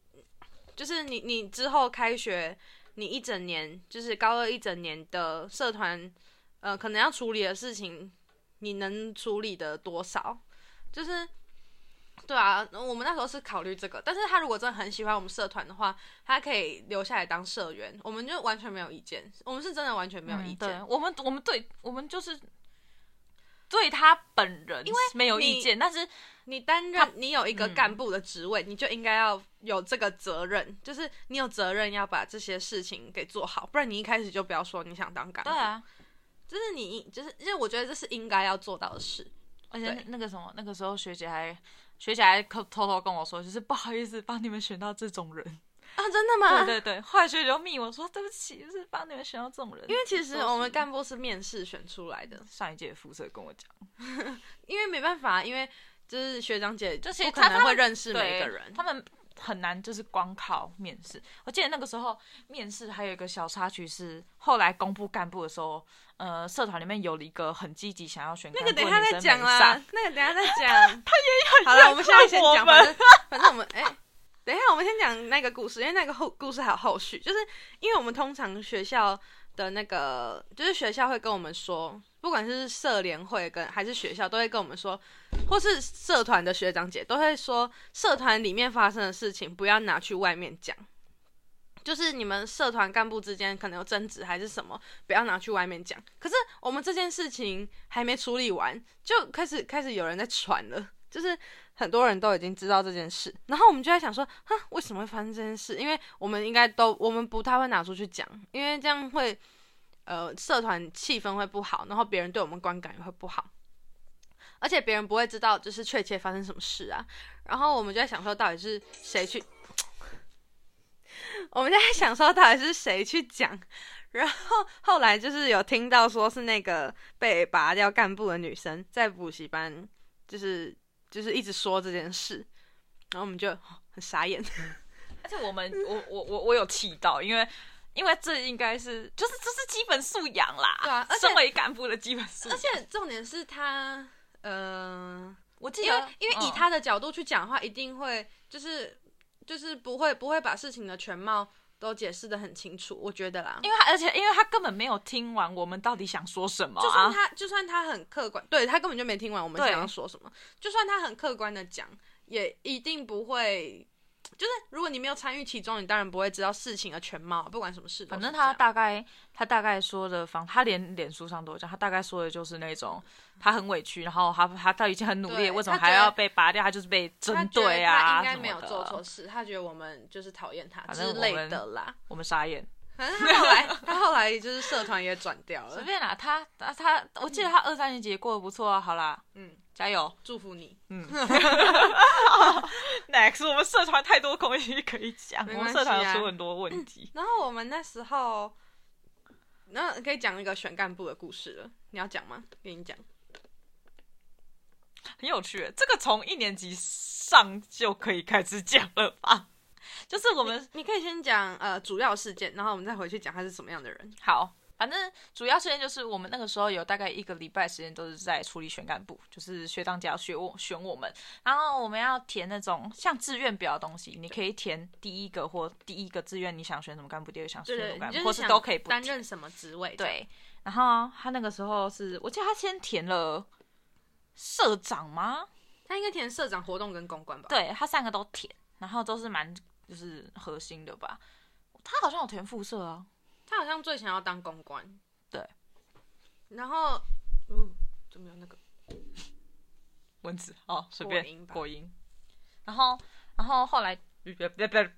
就是你，你之後開學，你一整年，就是高二一整年的社團，呃，可能要處理的事情，你能處理的多少？就是。對啊，我們那時候是考慮這個，但是他如果真的很喜歡我們社團的話，他可以留下來當社員，我們就完全沒有意見，我們是真的完全沒有意見。嗯、對我們我們對，我們就是對他本人是沒有意見，但是你擔任你有一個幹部的職位、嗯，你就應該要有這個責任，就是你有責任要把這些事情給做好，不然你一開始就不要說你想當幹部。對啊，就是你就是因為我覺得這是應該要做到的事，嗯、而且那個什麼那個時候學姐還。學姐還偷偷跟我說，就是不好意思幫你們選到這種人啊，真的嗎？對對對，後來學姐就密我說對不起，就是幫你們選到這種人，因為其實我們幹部是面試選出來的。上一屆的副社跟我講， 因為沒辦法，因為就是學長姐就是可能會認識每個人，他們。很難，就是光靠面試。我記得那個時候面試還有一個小插曲是，後來公布幹部的時候，呃，社團裡面有了一個很積極想要選那個等一下再講啦，那個等一下再講， 他也有。好了，我們現在先講吧。反正我們哎、欸，等一下我們先講那個故事，因為那個後故事還有後續，就是因為我們通常學校的那個就是學校會跟我們說。不管是社聯會跟還是學校，都會跟我們說，或是社團的學長姐都會說，社團裡面發生的事情不要拿去外面講。就是你們社團幹部之間可能有爭執還是什麼，不要拿去外面講。可是我們這件事情還沒處理完，就開始開始有人在傳了。就是很多人都已經知道這件事，然後我們就在想說，哈，為什麼會發生這件事？因為我們應該都我們不太會拿出去講，因為這樣會。呃，社團氣氛會不好，然後別人對我們觀感也會不好，而且別人不會知道，就是確切發生什麼事啊。然後我們就在想說，到底是誰去？ 我們就在想說，到底是誰去講？然後後來就是有聽到說是那個被拔掉幹部的女生在補習班，就是就是一直說這件事，然後我們就很傻眼， 而且我們我我我我有氣到，因為。因為這應該是就是這，就是基本素養啦，對啊，身為幹部的基本素養。而且重點是他，呃，我記得，因為，因為以他的角度去講的話，嗯，一定會就是就是不會不會把事情的全貌都解釋的很清楚，我覺得啦。因為他而且因為他根本沒有聽完我們到底想說什麼，啊，就算他就算他很客觀，對他根本就沒聽完我們想要說什麼，就算他很客觀的講，也一定不會。就是如果你沒有參與其中，你當然不會知道事情的全貌，不管什麼事。反正他大概，他大概說的方，他連臉書上都有講，他大概說的就是那種，他很委屈，然後他他他已經很努力，為什麼還要被拔掉？他，他就是被針對啊，什麼的。他覺得他應該沒有做錯事，他覺得我們就是討厭他之類的啦。我們，我們傻眼。反正他後來， 他後來就是社團也轉掉了。隨便啦、啊，他他、他、嗯、我記得他二三年級也過得不錯啊，好啦，嗯，加油，祝福你，嗯。 Next，我們社團太多東西可以講，啊，我們社團出很多問題。嗯。然後我們那時候，那可以講一個選幹部的故事了。你要講嗎？給你講，很有趣。這個從一年級上就可以開始講了吧？就是我們你，你可以先講呃主要事件，然後我們再回去講他是什麼樣的人。好，反正主要事件就是我們那個時候有大概一個禮拜時間都是在處理選幹部，就是學長家學我選我們，然後我們要填那種像志願表的東西，你可以填第一個或第一個志願你想選什麼幹部，第二個想選什麼幹部，對對對，是或是都可以不填，擔任什麼職位？對。然後、啊、他那個時候是我記得他先填了社長嗎？他應該填社長、活動跟公關吧？對他三個都填，然後都是蠻。就是核心的吧，他好像有填副社啊，他好像最想要當公關，對，然後嗯就沒有那個文字好隨、哦、便果音，音，然後然後後來別別別，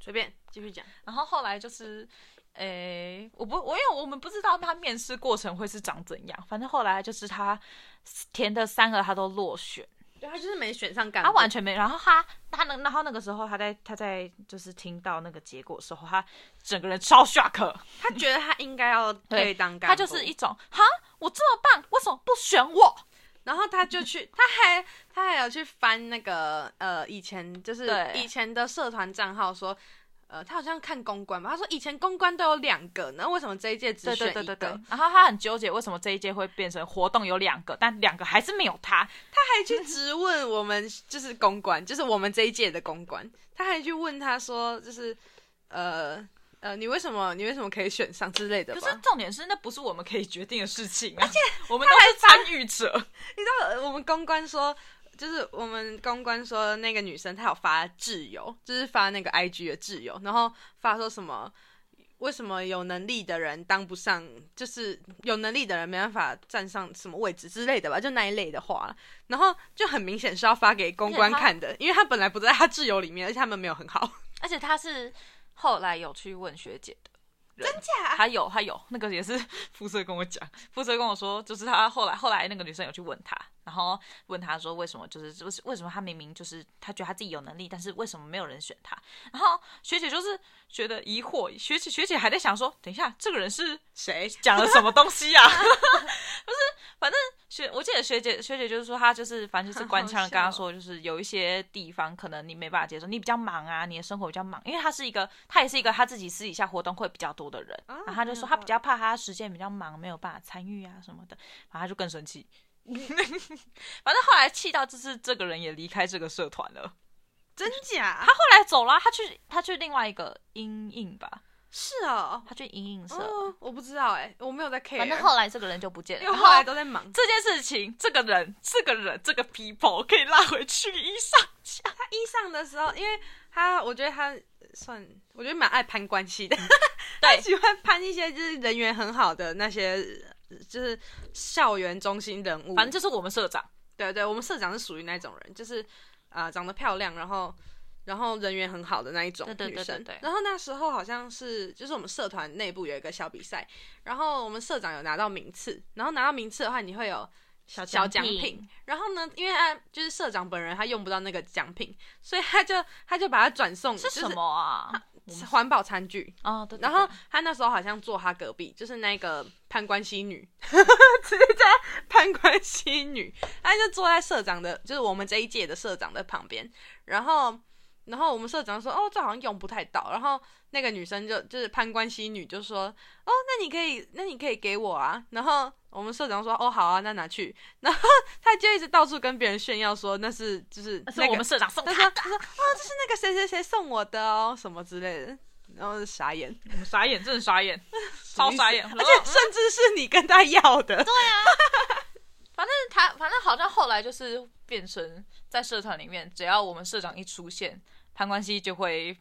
隨便繼續講，然後後來就是哎、欸、我不我因為我們不知道他面試過程會是長怎樣，反正後來就是他填的三個他都落選。他就是沒選上幹，他完全沒。然後他，他能，然後那個時候他在，他在就是聽到那個結果的時候，他整個人超 shock，他覺得他應該要當對當幹，他就是一種哈，我這麼棒，為什麼不選我？然後他就去， 他還他還有去翻那個呃以前就是以前的社團賬號說。呃，他好像看公關吧？他說以前公關都有兩個，那為什麼這一屆只選一個？對對對對對對對，然後他很糾結，為什麼這一屆會變成活動有兩個，但兩個還是沒有他？他還去質問我們，就是公關， 就是我們這一屆的公關，他還去問他說，就是呃呃，你為什麼你為什麼可以選上之類的？可是重點是那不是我們可以決定的事情啊，而且我們都是參與者，你知道？我們公關說。就是我們公關說那個女生，她有發摯友，就是發那個 IG 的摯友，然後發說什麼，為什麼有能力的人當不上，就是有能力的人沒辦法站上什麼位置之類的吧，就那一類的話。然後就很明顯是要發給公關看的，他因為她本來不在她摯友裡面，而且他們沒有很好。而且她是後來有去問學姐的。真假？他有，他有那個也是。副社跟我講，副社跟我說，就是他後來後來那個女生有去問他，然後問他說為什麼，就是為什麼他明明就是他覺得他自己有能力，但是為什麼沒有人選他？然後學姐就是覺得疑惑，學姐學姐還在想說，等一下這個人是誰？講了什麼東西啊？不、 就是，反正學我記得學姐學姐就是說他就是，反正就是官腔跟他說，就是有一些地方可能你沒辦法接受，你比較忙啊，你的生活比較忙，因為他是一個他也是一個他自己私底下活動會比較多。的人， 然後他就說他比較怕，他時間比較忙，沒有辦法參與啊什麼的，然後他就更生氣。 反正後來氣到就是這個人也離開這個社團了，真假？他後來走了，他去他去另外一個陰影吧？是哦，他去陰影社。哦，我不知道哎，欸，我沒有在 k。反正後來這個人就不見了，因為後來都在忙這件事情。這個人，這個人，這個 people 可以拉回去一上去。他一上的時候，因為他我覺得他算我覺得蠻愛攀關係的。 最喜歡拍一些就是人緣很好的那些，就是校園中心人物。反正就是我們社長，對對，我們社長是屬於那種人，就是啊、呃，長得漂亮，然後然後人緣很好的那一種女生。然後那時候好像是就是我們社團內部有一個小比賽，然後我們社長有拿到名次，然後拿到名次的話你會有。小獎品，品，然後呢，因為他就是社長本人，他用不到那個獎品，所以他就他就把他轉送、就是、是什麼啊？環保餐具啊、哦。然後他那時候好像坐他隔壁，就是那個攀關係女，直接叫攀關係女，他就坐在社長的，就是我們這一屆的社長的旁邊，然後。然後我們社長說：“哦，這好像用不太到。”然後那個女生就就是攀關係女就說：“哦，那你可以，那你可以給我啊。”然後我們社長說：“哦，好啊，那拿去。”然後她就一直到處跟別人炫耀說：“那是，就是那個、是我們社長送的。他”他說：“他說啊，這是那個誰誰誰送我的哦，什麼之類的。”然後傻眼，傻眼，真的傻眼， 超傻眼，而且甚至是你跟他要的。對啊， 反正他反正好像後來就是變成在社團裡面，只要我們社長一出現。攀關係就會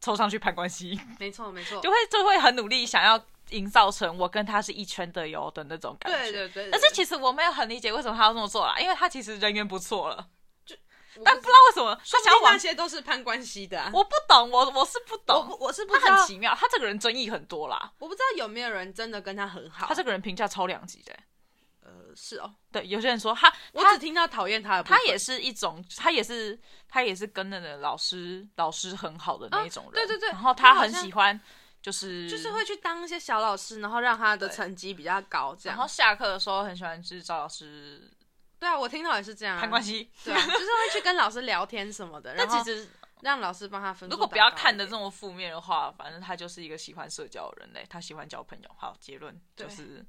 抽上去攀關係，沒錯沒錯， 就會就會很努力想要營造成我跟他是一圈的喲的那種感覺。對對對。但是其實我沒有很理解為什麼他要這麼做啦，因為他其實人緣不錯了，就但不知，不知道為什麼他想要往那些都是攀關係的，啊。我不懂，我我是不懂，我，我是不他很奇妙，他這個人爭議很多啦，我不知道有沒有人真的跟他很好。他這個人評價超兩極的，欸。是哦，對，有些人說他，他他我只聽到討厭他的，他也是一種，他也是，他也是跟那個老師，老師很好的那種人、哦，對對對，然後他很喜歡，就是就是會去當一些小老師，然後讓他的成績比較高，這樣，然後下課的時候很喜歡去找老師。對啊，我聽到也是這樣、啊，看關係，對，就是會去跟老師聊天什麼的，那其實讓老師幫他分，如果不要看得這麼負面的話，反正他就是一個喜歡社交的人嘞，他喜歡交朋友，好，結論就是。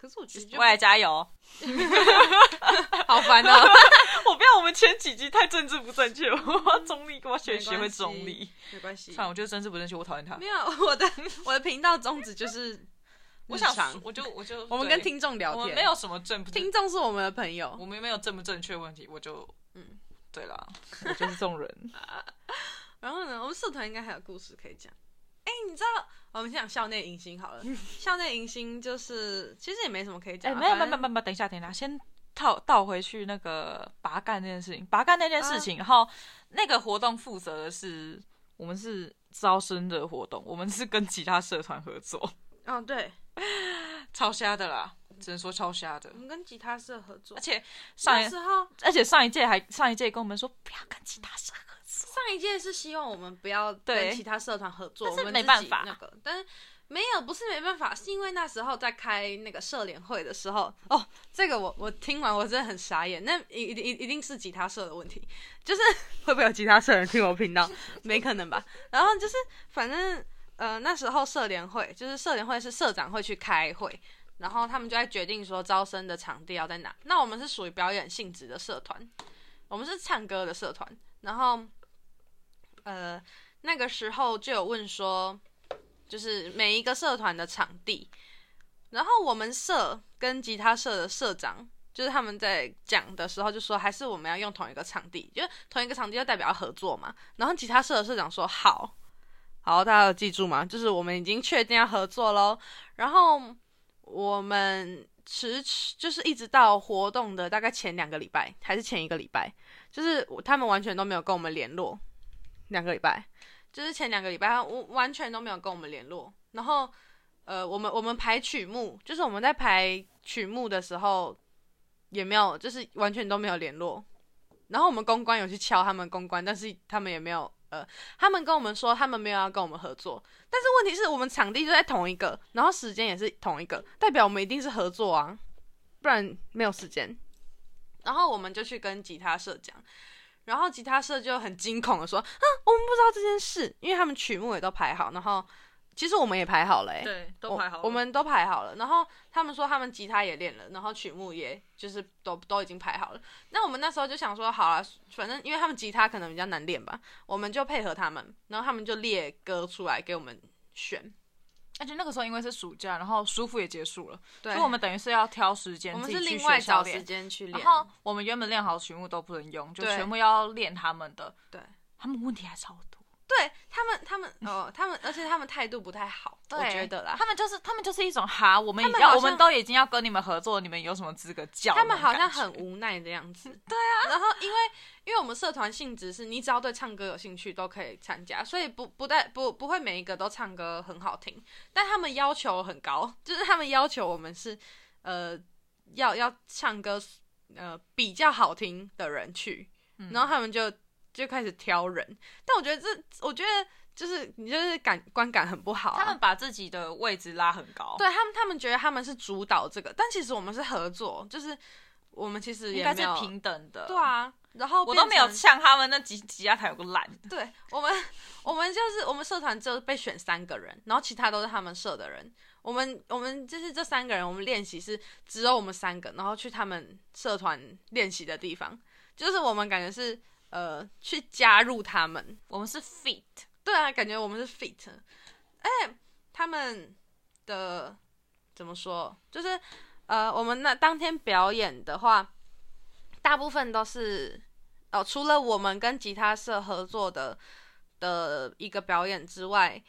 可是我覺得，我也加油！ 好煩煩啊、喔！ 我不要我們前幾集太政治不正確，嗯、 我要中立，我要學會中立。沒關係，算了，我覺得政治不正確，我討厭他。沒有我的我的頻道宗旨就是，我想我就我就 我們跟聽眾聊天，沒有什麼正，不正聽眾是我們的朋友，我們沒有正不正確問題，我就嗯，對了，我就是這種人。 然後呢，我們社團應該還有故事可以講。哎、欸，你知道我們先講校內迎新好了， 校內迎新就是其實也沒什麼可以講。哎、欸，沒有，沒有，沒有，等一下，等一下，先倒倒回去那個拔干那件事情，拔干那件事情，啊，然後那個活動負責的是我們是招生的活動，我們是跟吉他社團合作。嗯、哦，對，超瞎的啦，只能說超瞎的。我們跟吉他社合作，而且上一次、這個，而且上一屆還上一屆跟我們說不要跟吉他社合作。上一屆是希望我們不要跟其他社團合作，我們沒辦法那個，但是沒辦法，但沒有，不是沒辦法，是因為那時候在開那個社聯會的時候，哦，這個我我聽完我真的很傻眼，那一一定一定是吉他社的問題，就是會不會有吉他社人聽我頻道？ 沒可能吧？然後就是反正呃那時候社聯會就是社聯會是社長會去開會，然後他們就在決定說招生的場地要在哪。那我們是屬於表演性質的社團，我們是唱歌的社團，然後。呃，那個時候就有問說，就是每一個社團的場地，然後我們社跟吉他社的社長，就是他們在講的時候就說，還是我們要用同一個場地，就是同一個場地就代表要合作嘛。然後吉他社的社長說，好，好，大家要記住嘛，就是我們已經確定要合作嘍。然後我們遲遲，就是一直到活動的大概前兩個禮拜，還是前一個禮拜，就是他們完全都沒有跟我們聯絡。兩個禮拜，就是前兩個禮拜，他完完全都沒有跟我們聯絡。然後，呃，我們我們排曲目，就是我們在排曲目的時候，也沒有，就是完全都沒有聯絡。然後我們公關有去敲他們公關，但是他們也沒有，呃，他們跟我們說他們沒有要跟我們合作。但是問題是我們場地就在同一個，然後時間也是同一個，代表我們一定是合作啊，不然沒有時間。然後我們就去跟吉他社講。然後吉他社就很驚恐的說：“啊，我們不知道這件事，因為他們曲目也都排好。然後其實我們也排好了誒，對，都排好了我，我們都排好了。然後他們說他們吉他也練了，然後曲目也就是都都已經排好了。那我們那時候就想說，好啦，反正因為他們吉他可能比較難練吧，我們就配合他們。然後他們就列歌出來給我們選。”而且那個時候因為是暑假，然後暑輔也結束了，對，所以我們等於是要挑時間，我們是另外找時間去練。然後我們原本練好的曲目都不能用，就全部要練他們的。對，他們問題還超多。對他們，他們哦，他們，而且他們態度不太好， 我覺得啦。他們就是，他們就是一種哈，我們已經，我們都已經要跟你們合作，你們有什麼資格叫。他們好像很無奈的樣子。 對啊，然後因為，因為我們社團性質是你只要對唱歌有興趣都可以參加，所以不不帶不不會每一個都唱歌很好聽，但他們要求很高，就是他們要求我們是呃要要唱歌呃比較好聽的人去，然後他們就。嗯就開始挑人，但我覺得這，我覺得就是你就是感觀感很不好啊。他們把自己的位置拉很高，對他們，他們覺得他們是主導這個，但其實我們是合作，就是我們其實也應該是平等的，對啊。然後我都沒有像他們那幾幾家台有個爛的。對我們，我們就是我們社團只有被選三個人，然後其他都是他們社的人。我們我們就是這三個人，我們練習是只有我們三個，然後去他們社團練習的地方，就是我們感覺是。呃，去加入他們，我們是 fit，對啊，感覺我們是 fit，哎、欸，他們的怎麼說？就是呃，我們那當天表演的話，大部分都是哦，除了我們跟吉他社合作的的一個表演之外。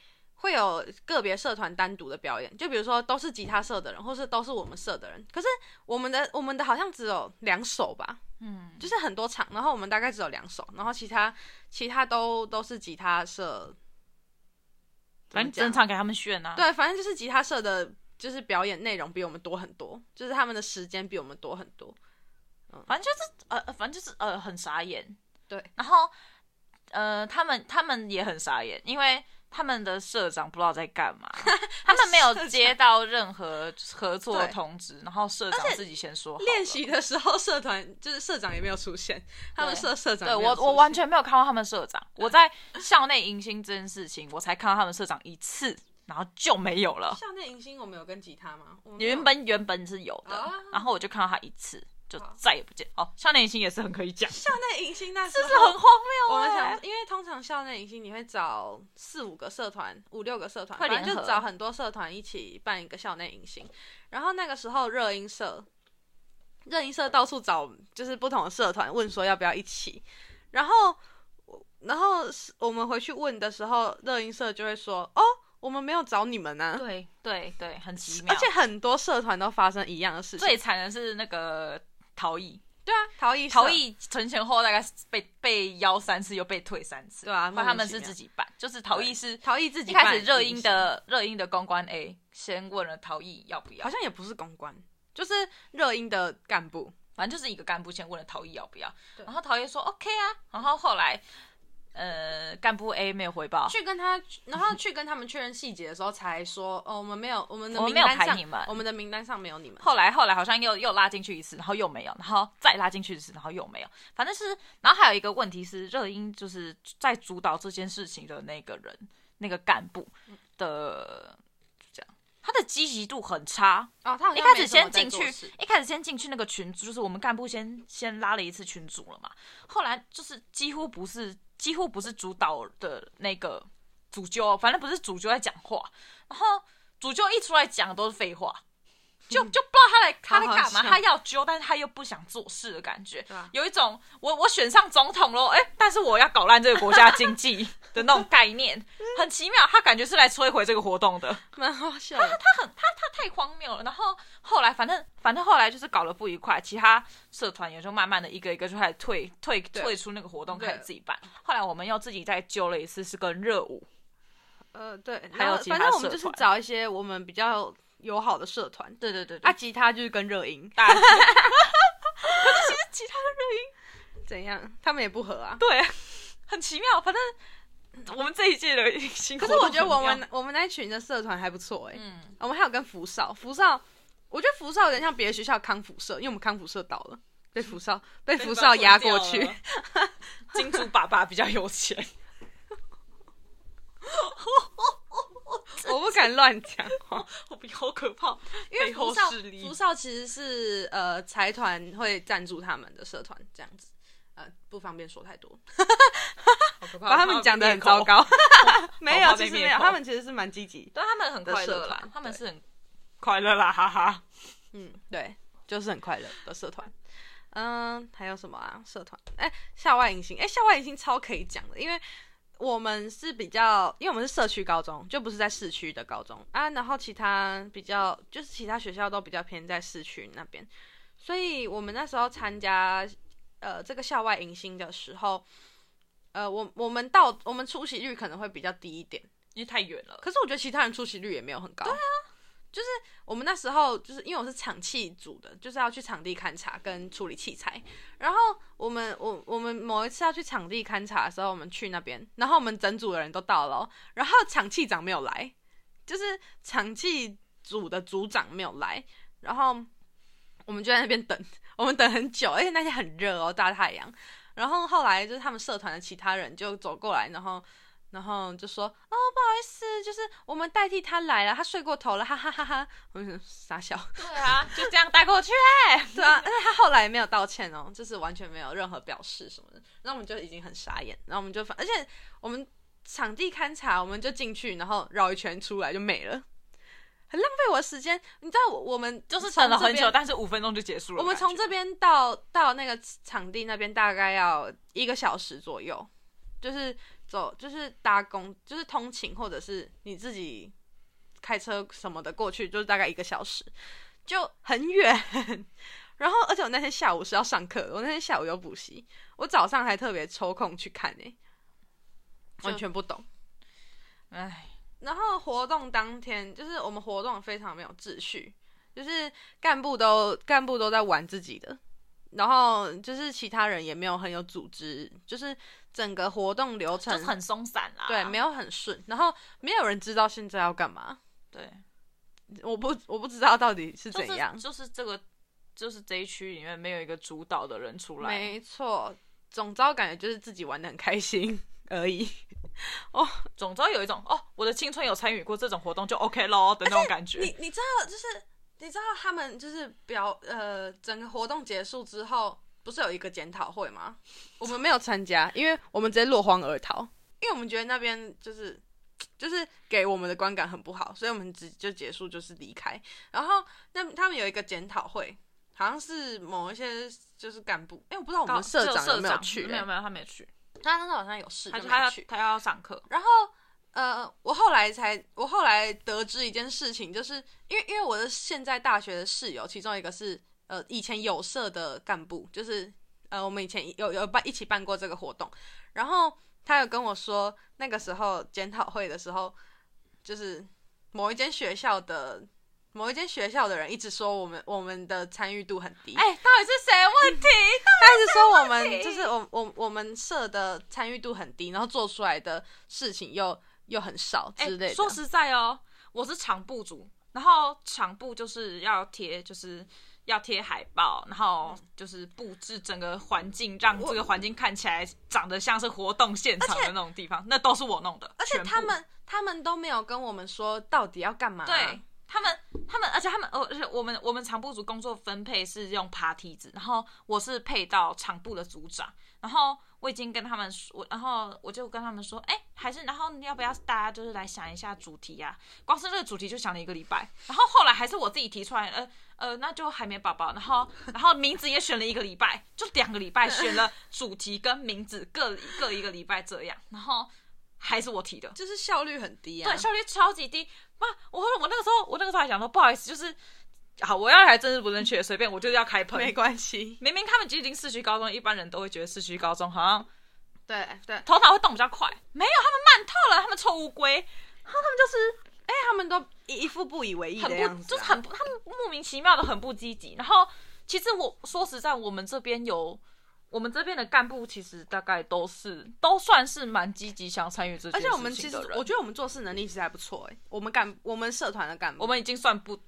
會有個別社團單獨的表演，就比如說都是吉他社的人，或是都是我們社的人。可是我們的、我們的好像只有兩首吧，嗯，就是很多場，然後我們大概只有兩首，然後其他、其他都都是吉他社，反正正常給他們選啊。對，反正就是吉他社的，就是表演內容比我們多很多，就是他們的時間比我們多很多。嗯，反正就是呃，反正就是呃，很傻眼。對，然後呃，他們他們也很傻眼，因為。他們的社長不知道在幹嘛，他們沒有接到任何合作的通知， 然後社長自己先說。練習的時候社，社團就是社長也沒有出現，嗯，他們社社長對我我完全沒有看到他們社長。我在校內迎新這件事情，我才看到他們社長一次，然後就沒有了。校內迎新我們有跟吉他嗎？我原本原本是有的，然後我就看到他一次。就再也不見哦！校內影星，也是很可以講，校內影星那是不是很荒謬啊？我們想，因為通常校內影星你會找四五個社團、五六個社團，反正就找很多社團一起辦一個校內影星。然後那個時候熱音社，熱音社到處找就是不同的社團，問說要不要一起。然後，然後我們回去問的時候，熱音社就會說：“哦，我們沒有找你們呢、啊。”對對對，很奇妙，而且很多社團都發生一樣的事情。最慘的是那個。Twenty。對啊，Twenty 是。Twenty。存錢後大概被被邀三次，又被退三次，對啊，反他們是自己辦，面面就是 Twenty 是 Twenty 自己辦，一開始熱音的熱音的公關 A、欸、先問了 Twenty 要不要，好像也不是公關，就是熱音的幹部、嗯，反正就是一個幹部先問了 Twenty 要不要，然後 Twenty 說 OK 啊，然後後來。呃，幹部 A 沒有回報，去跟他，然後去跟他們確認細節的時候，才說 哦，我們沒有，我們的名單上，我們，我們的名單上沒有你們。後來，後來好像又又拉進去一次，然後又沒有，然後再拉進去一次，然後又沒有。反正是，然後還有一個問題是，熱音就是在主導這件事情的那個人，那個幹部的、嗯、這樣，他的積極度很差哦，他好像一開始先進去，一開始先進去那個群，就是我們幹部先先拉了一次群組了嘛。後來就是幾乎不是。幾乎不是主導的那個主角，反正不是主角在講話，然後主角一出來講的都是廢話。就就不知道他來他在幹嘛，好好笑，他要揪，但是他又不想做事的感覺，啊、有一種我我選上總統嘍，哎、欸，但是我要搞爛這個國家經濟的那種概念， 很奇妙。他感覺是來摧毀這個活動的，蠻好笑。他他，他很他他太荒謬了。然後後來反正反正後來就是搞得不愉快，其他社團也就慢慢的一個一個就開始退退退出那個活動，開始自己辦。後來我們又自己再揪了一次，是跟熱舞。呃，對，還有其他反正我們就是找一些我們比較友好的社團，對，對對對，啊，吉他就是跟熱音，啊，其吉他， 其實其他的熱音怎樣，他們也不合啊，對，很奇妙，反正我們這一屆的辛苦。可是我覺得我們我們那一群的社團還不錯，哎、欸，嗯，我們還有跟福少，福少，我覺得福少有點像別的學校康輔社，因為我們康輔社倒了，被福少被福少壓過去，金主爸爸比較有錢。 我，我不敢亂講，我我比好可怕，因為福少福少其實是呃財團會贊助他們的社團這樣子，呃不方便說太多。把 他，他們講得很糟糕。 沒有，其實、就是、沒有，他們其實是蠻積極，但他們很快樂啦，他們是很快樂啦，哈哈。嗯，對，就是很快樂的社團。嗯，還有什麼啊？社團？哎、欸，校外影星，哎、欸，校外影星超可以講的，因為。我們是比較，因為我們是社區高中，就不是在市區的高中啊。然後其他比較，就是其他學校都比較偏在市區那邊，所以我們那時候參加呃這個校外迎新的時候，呃，我我們到我們出席率可能會比較低一點，因為太遠了。可是我覺得其他人出席率也沒有很高，對啊。就是我們那時候，就是因為我是場器組的，就是要去場地勘察跟處理器材。然後我們，我我們某一次要去場地勘察的時候，我們去那邊，然後我們整組的人都到了哦，然後場器長沒有來，就是場器組的組長沒有來，然後我們就在那邊等，我們等很久，而且那天很熱哦，大太陽。然後後來就是他們社團的其他人就走過來，然後。然後就說：“哦，不好意思，就是我們代替他來了，他睡過頭了，哈哈哈哈！”我們傻笑。對啊， 就這樣帶過去，欸。 對啊，而且他後來也沒有道歉哦，就是完全沒有任何表示什麼的。然後我們就已經很傻眼，然後我們就反，而且我們場地勘察，我們就進去，然後繞一圈出來就沒了，很浪費我時間。你知道，我們就是，就是等了很久，但是五分鐘就結束了。我們從這邊到，啊，到那個場地那邊大概要一個小時左右，就是。就是搭公，就是通勤，或者是你自己開車什麼的過去，就是大概一個小時，就很遠。 然後，而且我那天下午是要上課，我那天下午有補習，我早上還特別抽空去看呢、欸。完全不懂。哎。然後活動當天就是我們活動非常沒有秩序，就是幹部都幹部都在玩自己的，然後就是其他人也沒有很有組織，就是。整個活動流程很鬆散啦，對，沒有很順，然後沒有人知道現在要幹嘛，對，我不我不知道到底是怎樣，就是、就是、這個就是這一區裡面沒有一個主導的人出來，沒錯，總之我感覺就是自己玩得很開心而已， 哦，總之有一種哦，我的青春有參與過這種活動就 OK 咯的那種感覺，你你知道就是你知道他們就是表呃整個活動結束之後。不是有一個檢討會嗎？我們沒有參加，因為我們直接落荒而逃， 因為我們覺得那邊就是就是給我們的觀感很不好，所以我們直就結束就是離開。然後那他們有一個檢討會，好像是某一些就是幹部，哎、欸，我不知道我們社長有沒有去，有沒有，沒有，他沒有去，他那時好像有事就去，他就他，他要他要要上課。然後呃，我後來才我後來得知一件事情，就是因為因為我的現在大學的室友，其中一個是。呃，以前有社的幹部，就是呃，我們以前有有辦一起辦過這個活動，然後他有跟我說，那個時候檢討會的時候，就是某一間學校的某一間學校的人一直說我們我們的參與度很低，哎、欸，到底是誰問題？ 到底是誰問題？他一直說我們就是我我我們社的參與度很低，然後做出來的事情又又很少之類的、欸。說實在哦，我是場部主。然後場部就是要貼，就是要貼海報，然後就是布置整個環境，讓這個環境看起來長得像是活動現場的那種地方，那都是我弄的。而且他們他們都沒有跟我們說到底要幹嘛啊。對，他們他們，而且他們，而且我我們我們場部組工作分配是用爬梯子，然後我是配到場部的組長。然後我已經跟他們說，然後我就跟他們說，哎，還是然後要不要大家就是來想一下主題呀、啊？光是這個主題就想了一個禮拜。然後後來還是我自己提出來呃呃，那就海綿寶寶。然後，然後名字也選了一個禮拜，就兩個禮拜選了主題跟名字各 各一個禮拜這樣。然後還是我提的，就是效率很低，啊，對，效率超級低。哇，我我那個時候我那個時候還想說，不好意思，就是。好，我要來正式，正是不正確？隨便，我就要開噴。沒關係，明明他們已經市區高中，一般人都會覺得市區高中好像對，對對，頭腦會動比較快。沒有，他們慢透了，他們臭烏龜。然後他們就是，哎、欸，他們都一副不以為意很不、啊，就是很不，他們莫名其妙的很不積極。然後其實我說實在，我們這邊有，我們這邊的幹部其實大概都是都算是蠻積極想參與這些，而且我們其實我覺得我們做事能力其實還不錯，誒，我們幹我們社團的幹部，我們已經算不。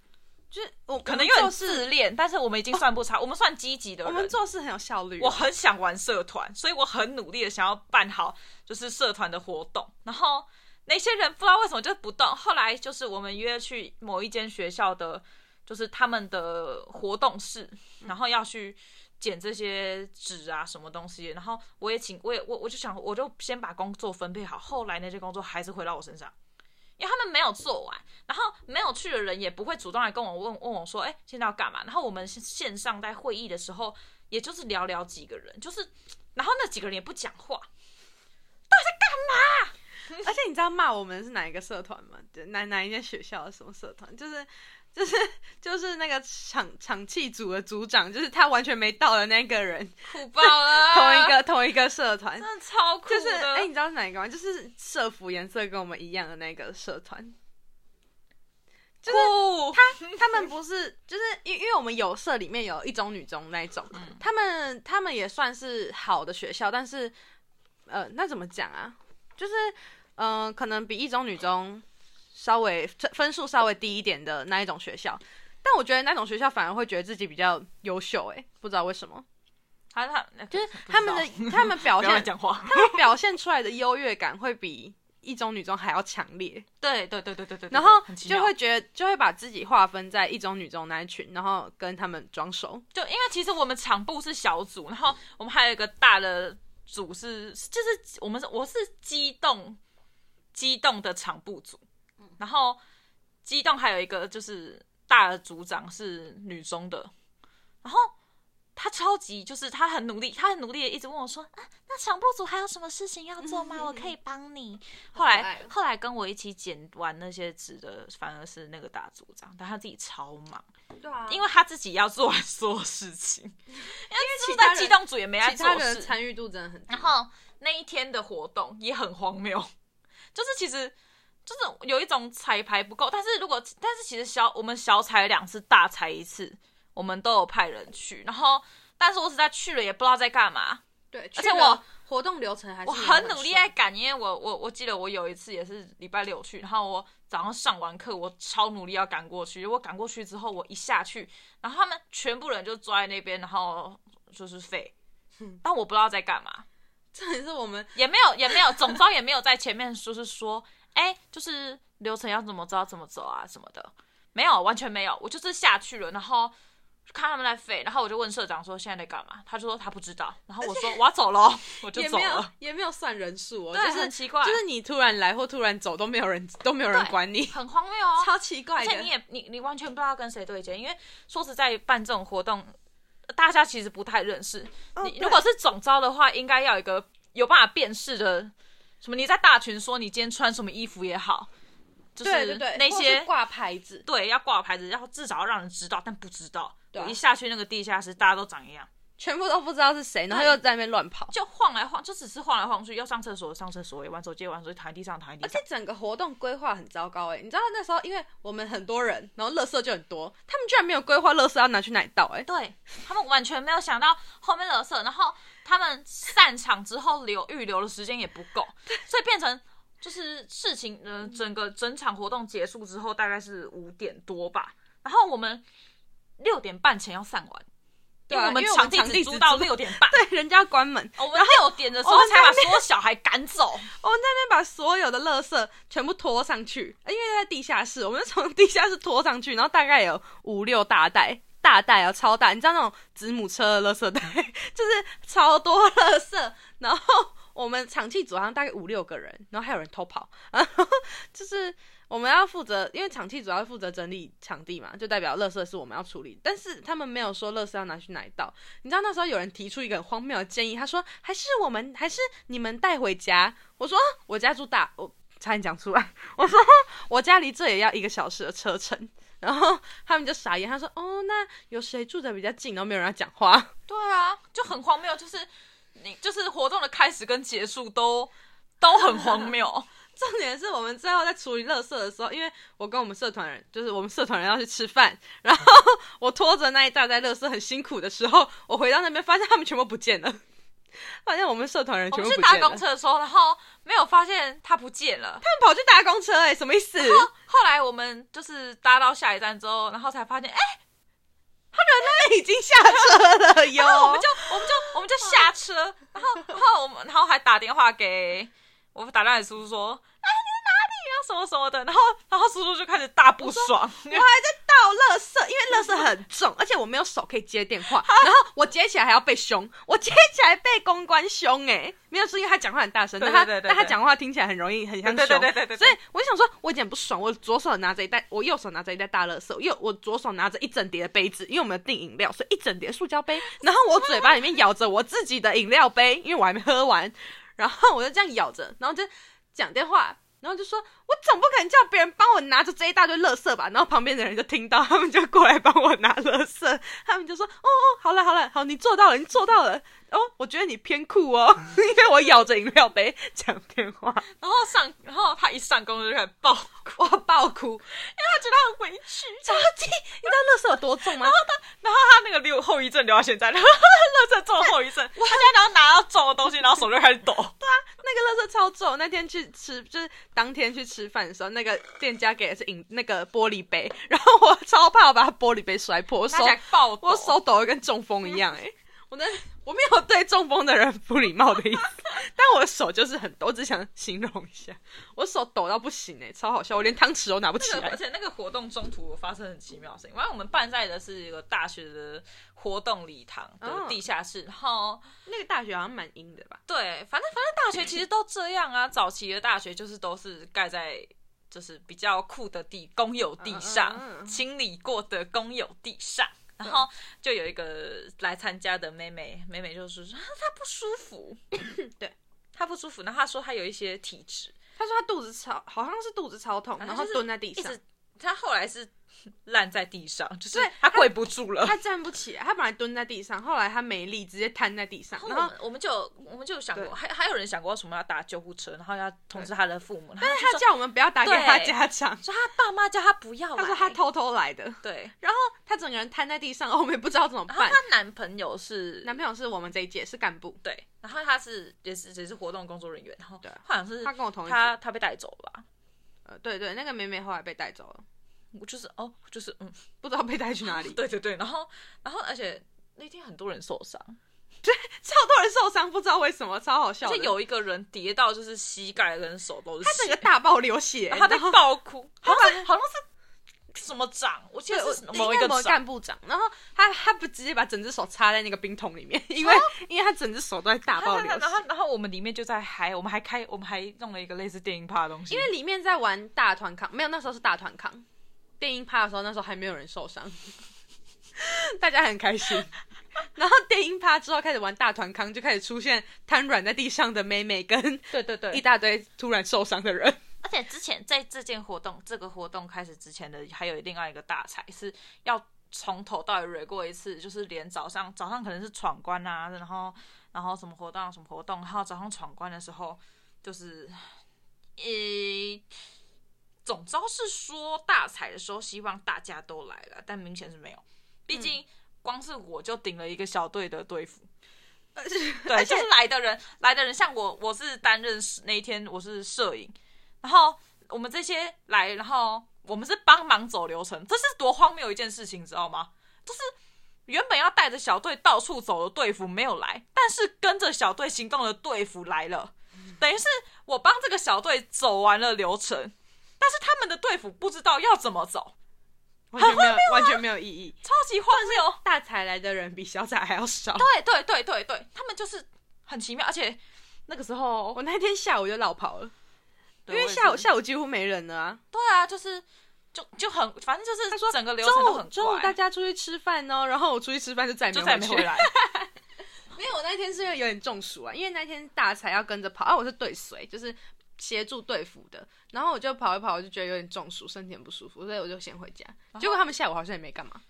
就是我可能有點自戀，哦，但是我們已經算不差，哦，我們算積極的，我們做事很有效率。我很想玩社團，所以我很努力的想要辦好，就是社團的活動。然後那些人不知道為什麼就是不動。後來就是我們約去某一間學校的，就是他們的活動室，然後要去撿這些紙啊什麼東西。然後我也請，我也我我就想我就先把工作分配好。後來那些工作還是回到我身上。因為他們沒有做完，然後沒有去的人也不會主動來跟我問，問我說：“哎、欸，現在要幹嘛？”然後我們線上在會議的時候，也就是寥寥幾個人，就是，然後那幾個人也不講話，到底在幹嘛？而且你知道罵我們是哪一個社團嗎？對，哪哪一間學校什麼社團？就是。就 是就是那個場場氣組的組長，就是他完全沒到的那個人，苦爆了。 同一個同一個社團，真的超苦，就是哎、欸，你知道是哪個嗎？就是社服顏色跟我們一樣的那個社團。就是他他們不是， 就是因為因為我們有社裡面有一中女中那種，嗯、他們他們也算是好的學校，但是呃，那怎麼講啊？就是嗯、呃，可能比一中女中。稍微分數稍微低一點的那一種學校，但我覺得那種學校反而會覺得自己比較優秀，欸，哎，不知道為什麼。啊、他他、啊、就是他們的他們表現講話，他們表現出來的優越感會比一中、女中還要強烈。對對對，對對對對對對。然後就會覺得就會把自己劃分在一中、女中那一群，然後跟他們裝熟。就因為其實我們場部是小組，然後我們還有一個大的組是就是我們是我是激動激動的場部組。然後，機動還有一個就是大的組長是女中的，然後她超級就是她很努力，她很努力的一直問我說：“啊，那強破組還有什麼事情要做嗎？嗯、我可以幫你。”後來後來跟我一起剪完那些紙的，反而是那個大組長，但他自己超忙，對啊，因為他自己要做所有事情，因為其他機動組也沒做事其，他其他人參與度真的很。然後那一天的活動也很荒謬，就是其實。就是有一種彩排不夠，但是如果但是其實小我們小彩兩次，大彩一次，我們都有派人去，然後但是我實在去了也不知道在幹嘛，對，去了而且我活動流程還是很我很努力在趕，因為我我我記得我有一次也是禮拜六去，然後我早上上完課，我超努力要趕過去，我趕過去之後我一下去，然後他們全部人就坐在那邊，然後就是廢，但我不知道在幹嘛，嗯、這也是我們也沒有也沒有總召也沒有在前面就是說。 哎、欸，就是流程要怎麼着怎麼走啊，什麼的，沒有，完全沒有。我就是下去了，然後看他們在飛，然後我就問社長說現在在幹嘛，他就說他不知道。然後我說我要走了，我就走了，也沒有，也沒有算人數哦，就是很奇怪哦，就是你突然來或突然走都沒有人，都沒有人管你，很荒謬哦，超奇怪的。而且你也你你完全不知道跟誰對接，因為說實在辦這種活動，大家其實不太認識。哦，你如果是總招的話，應該要一個有辦法辨識的。什麼？你在大群說你今天穿什麼衣服也好，就是那些掛牌子，對，要掛牌子，然後至少要讓人知道，但不知道，對、啊，一下去那個地下室，大家都長一樣。全部都不知道是誰，然後又在那邊亂跑，就晃來晃，就只是晃來晃去，要上廁所上廁所也玩，玩手機玩手機，躺在地上躺在地上，而且整個活動規劃很糟糕誒、欸，你知道那時候因為我們很多人，然後垃圾就很多，他們居然沒有規劃垃圾要拿去哪裡倒、欸、對 他們完全沒有想到後面垃圾，然後他們散場之後留預 留的時間也不夠，所以變成就是事情呃整個整場活動結束之後大概是五點多吧，然後我們六點半前要散完。因為我們場地租到六點，點半，對，人家關門。我們六點的時候才把所有小孩趕走。我們在那邊把所有的垃圾全部拖上去，因為在地下室，我們就從地下室拖上去。然後大概有五六大袋，大袋啊，超大。你知道那種子母車的垃圾袋，就是超多垃圾。然後我們場地組好像大概五六個人，然後還有人偷跑，然後就是。我們要負責，因為場地主要負責整理場地嘛，就代表垃圾是我們要處理。但是他們沒有說垃圾要拿去哪裡倒。你知道那時候有人提出一個很荒謬的建議，他說還是我們還是你們帶回家。我說我家住大，我差點講出來。我說我家離這裡也要一個小時的車程。然後他們就傻眼，他說哦，那有誰住得比較近？然後沒有人要講話。對啊，就很荒謬，就是你就是活動的開始跟結束都都很荒謬。 重點是我們最後在處理垃圾的時候，因為我跟我們社團人，就是我們社團人要去吃飯，然後我拖着那一大袋垃圾很辛苦的時候，我回到那邊發現他們全部不見了。發現我們社團人全部不見了。我們去搭公車的時候，然後沒有發現他不見了，他們跑去搭公車、欸，哎，什麼意思？後來我們就是搭到下一站之後，然後才發現，哎、欸，他們那邊已經下車了喲， 我們就我們就我們就下車， 然後然後我們然後還打電話給。我打電話給叔叔說：“哎，你在哪裡啊？什麼什麼的。”然後，然後叔叔就開始大不爽。我, 我還在倒垃圾，因為垃圾很重，而且我沒有手可以接電話。啊、然後我接起來還要被凶，我接起來被公關凶哎、欸。沒有是因為他講話很大聲，但他但他講話聽起來很容易，很像凶。對對,對對對對對。所以我就想說，我有點不爽。我左手拿着一袋，我右手拿着一袋大垃圾，右我,我左手拿着一整疊的杯子，因為我們有訂飲料，所以一整疊的塑膠杯。然後我嘴巴裡面咬着我自己的飲料杯，因為我還沒喝完。然後我就這樣咬着，然後就講電話，然後就說：“我總不可能叫別人幫我拿着這一大堆垃圾吧？”然後旁邊的人就聽到，他們就過來幫我拿垃圾，他們就說：“哦哦，好啦好啦，好，你做到了，你做到了。”哦，我覺得你偏酷哦， 因為我咬着飲料杯講 電話，然後上，然後他一上工就開始爆哭哇，爆哭，因為他覺得很委屈。超級，你知道垃圾有多重嗎？ 然後他，然後他那個留後遺症留到現在，垃圾重後遺症我。他現在然後拿到重的東西，然後手就開始抖。 對啊，那個垃圾超重。那天去吃，就是當天去吃飯的時候，那個店家給的是飲那個玻璃杯，然後我超怕我把他玻璃杯摔破，我手爆抖，我手抖得跟中風一樣哎、欸， 我那。我沒有對中風的人不禮貌的意思， 但我的手就是很抖，我只想形容一下，我手抖到不行哎、欸，超好笑，我連湯匙都拿不起來，嗯，那個。而且那個活動中途我發生很奇妙的事情，反正我們辦在的是一個大學的活動禮堂的地下室，好，哦，那個大學好像蠻陰的吧？對，反正反正大學其實都這樣啊， 早期的大學就是都是蓋在就是比較酷的地，公有地上嗯嗯，清理過的公有地上。然後就有一個來參加的妹妹，妹妹就是說她不舒服， 對，她不舒服。然後她說她有一些體質，她說她肚子超，好像是肚子超痛，然後、就是、蹲在地上。她後來是。爛在地上，就是他跪不住了，他，他站不起，他本來蹲在地上，後來他沒力，直接癱在地上。然後，然後我，們我們就我們就想過，還還有人想過為什麼要打救護車，然後要通知他的父母。但是他，他叫我們不要打給他家長，說他爸媽叫他不要。他說他偷偷來的。對，然後他整個人癱在地上，我們也不知道怎麼辦。他她男朋友是男朋友是我們這一屆是幹部，對。然後他是也是也是活動工作人員，然後對，好像是他跟我同一組他他被帶走了吧？呃，對，對對，那個妹妹後來被帶走了。我就是哦，就是嗯，不知道被帶去哪裡。哦，對對對，然後然後而且那天很多人受傷，對， 超多人受傷，不知道為什麼，超好笑。就有一個人跌倒，就是膝蓋跟手都是，他整個大爆流血， 他在爆哭，他好像好像是什麼長，我記得是某一個幹部長，然後他他不直接把整隻手插在那個冰桶裡面，因為因為他整隻手都在大爆流血，啊啊啊啊，然後然後我們裡面就在還我們還開我們還弄了一個類似電音趴的東西，因為裡面在玩大團康，沒有那時候是大團康。電音趴的時候，那時候還沒有人受傷， 大家很開心。然後電音趴之後開始玩大團康，就開始出現癱軟在地上的妹妹跟對對對一大堆突然受傷的人。對對對 而且之前在這件活動、這個活動開始之前的，還有另外一個大才是要從頭到尾過一次，就是連早上早上可能是闖關啊，然後然後什麼活動、啊、什麼活動，然後早上闖關的時候就是、欸總之是說大彩的時候，希望大家都來了，但明顯是沒有。畢竟光是我就頂了一個小隊的隊服，嗯，對，就是來的人，來的人像我，我是擔任那一天我是攝影，然後我們這些來，然後我們是幫忙走流程，這是多荒謬一件事情，知道嗎？就是原本要帶着小隊到處走的隊服沒有來，但是跟着小隊行動的隊服來了，等於是我幫這個小隊走完了流程。但是他們的隊服不知道要怎麼走，很混亂，完全沒有意義，超級混亂。但是有大彩來的人比小彩還要少。對對對對對，他們就是很奇妙。而且那個時候，我那天下午就落跑了，因為下午下午幾乎沒人了啊。對啊，就是就就很，反正就是他說整個流程都很快。中午大家出去吃飯哦，然後我出去吃飯就再沒再沒回來。 沒有，我那天是因為有點中暑啊，因為那天大彩要跟着跑，啊，我是對水，就是。協助對付的，然後我就跑一跑，我就覺得有點中暑，身體很不舒服，所以我就先回家。啊、結果他們下午好像也沒幹嘛，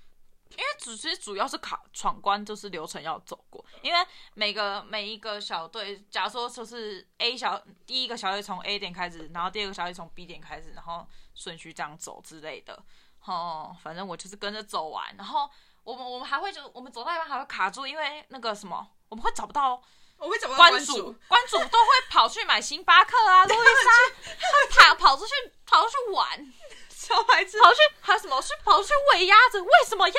因為其實主要是卡闖關，就是流程要走過。因為每個每一個小隊，假如說就是 A 小第一個小隊從 A 點開始，然後第二個小隊從 B 點開始，然後順序這樣走之類的。哦、嗯，反正我就是跟着走完。然後我們我們還會就我們走到一半還會卡住，因為那個什麼我們會找不到。我會怎麼關注？關主都會跑去買星巴克啊， 都會去，他跑跑出去跑出去玩，小孩子跑去還什麼去跑出去餵鴨子？餵什麼鴨子？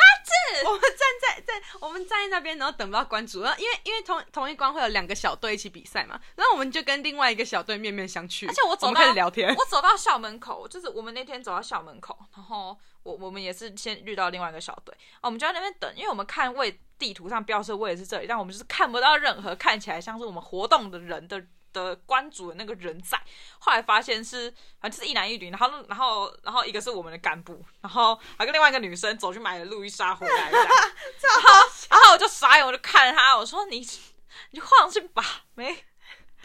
我們站在在我們站在那邊，然後等不到關主，然後因為因為同同一關會有兩個小隊一起比賽嘛，然後我們就跟另外一個小隊面面相覷，而且我走到，我，聊天我走到校門口，就是我們那天走到校門口，然後。我我們也是先遇到另外一個小隊，啊，我們就在那邊等，因為我們看位地圖上標示的位置是這裡，但我們就是看不到任何看起來像是我們活動的人的的關主的那個人在。後來發現是反正，啊，就是一男一女，然後然後然後一個是我們的幹部，然後還跟另外一個女生走去買了路易莎回來然後，然後我就傻眼，我就看他，我說你你晃去吧，沒。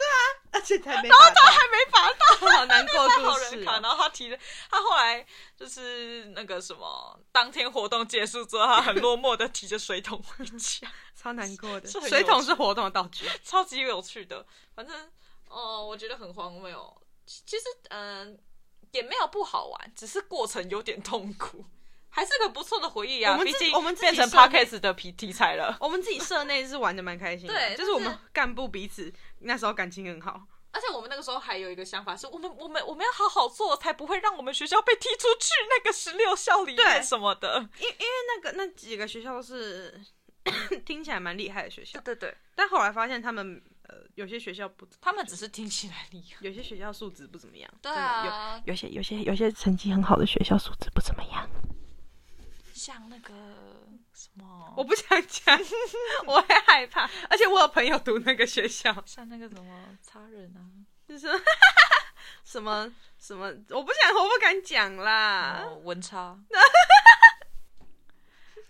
對啊，而且沒法 然後他還沒罰到， 好難過的、啊、人事。然後他提的，他後來就是那個什麼，當天活動結束之後，他很落寞的提着水桶回家， 超難過的是是。水桶是活動的道具，超級有趣的。反正哦、呃，我覺得很荒謬、哦。其實嗯、呃，也沒有不好玩，只是過程有點痛苦，還是個不錯的回憶啊。畢竟我們竟變成 podcast 的題題材了，我們自己社內是玩的蠻開心的 對，就是我們幹部彼此，那時候感情很好，而且我們那個時候還有一個想法，是我們我們我們要好好做，才不會讓我們學校被踢出去那個十六校裡面什麼的。因 因為那個那幾個學校是 聽起來蠻厲害的學校，對對對。但後來發現他們，呃，有些學校不學，他們只是聽起來厲害，有些學校素質不怎麼樣。對啊，有有些有些有些，有些成績很好的學校素質不怎麼樣，像那個。啊？我不想講， 我很害怕，而且我有朋友讀那個學校，像那個什麼差人啊，就是 什麼 什麼，我不想，我不敢講啦。文差。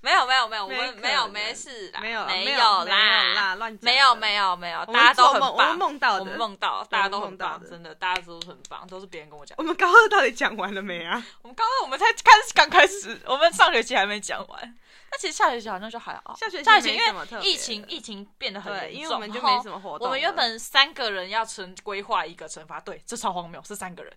沒有沒有沒有，沒我們沒有沒事沒有沒有啦，沒有沒有沒有，大家都很棒，我們夢到，我們夢到的大家都很棒，都，真的，大家都很棒，都是別人跟我講。我們高二到底講完了沒啊？我們高二我們才開始，剛開始，我們上學期還沒講完。那 其實下學期好像就還好，下學期沒什麼特別。因為疫情疫情變得很嚴重，因為我們就沒什麼活動。我們原本三個人要成規劃一個懲罰，對，這超荒謬，是三個人。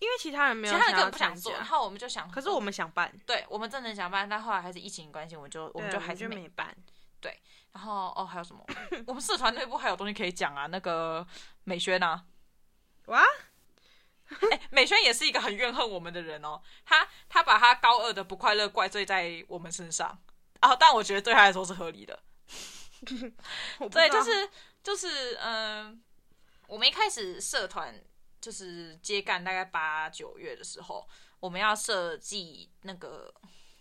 因為其他人沒有想想，其他人根本不想做，然後我們就想。可是我們想辦。對，我們真的想辦，但後來還是疫情關係，我們就我們就還是就沒辦。對，然後哦還有什麼？ 我們社團內部還有東西可以講啊，那個美軒啊。哇！哎、 欸，美軒也是一個很怨恨我們的人哦。他他把他高二的不快樂怪罪在我們身上啊，但我覺得對他來說是合理的。 對，就是就是嗯、呃，我們一開始社團。就是接幹大概八九月的時候，我們要設計那個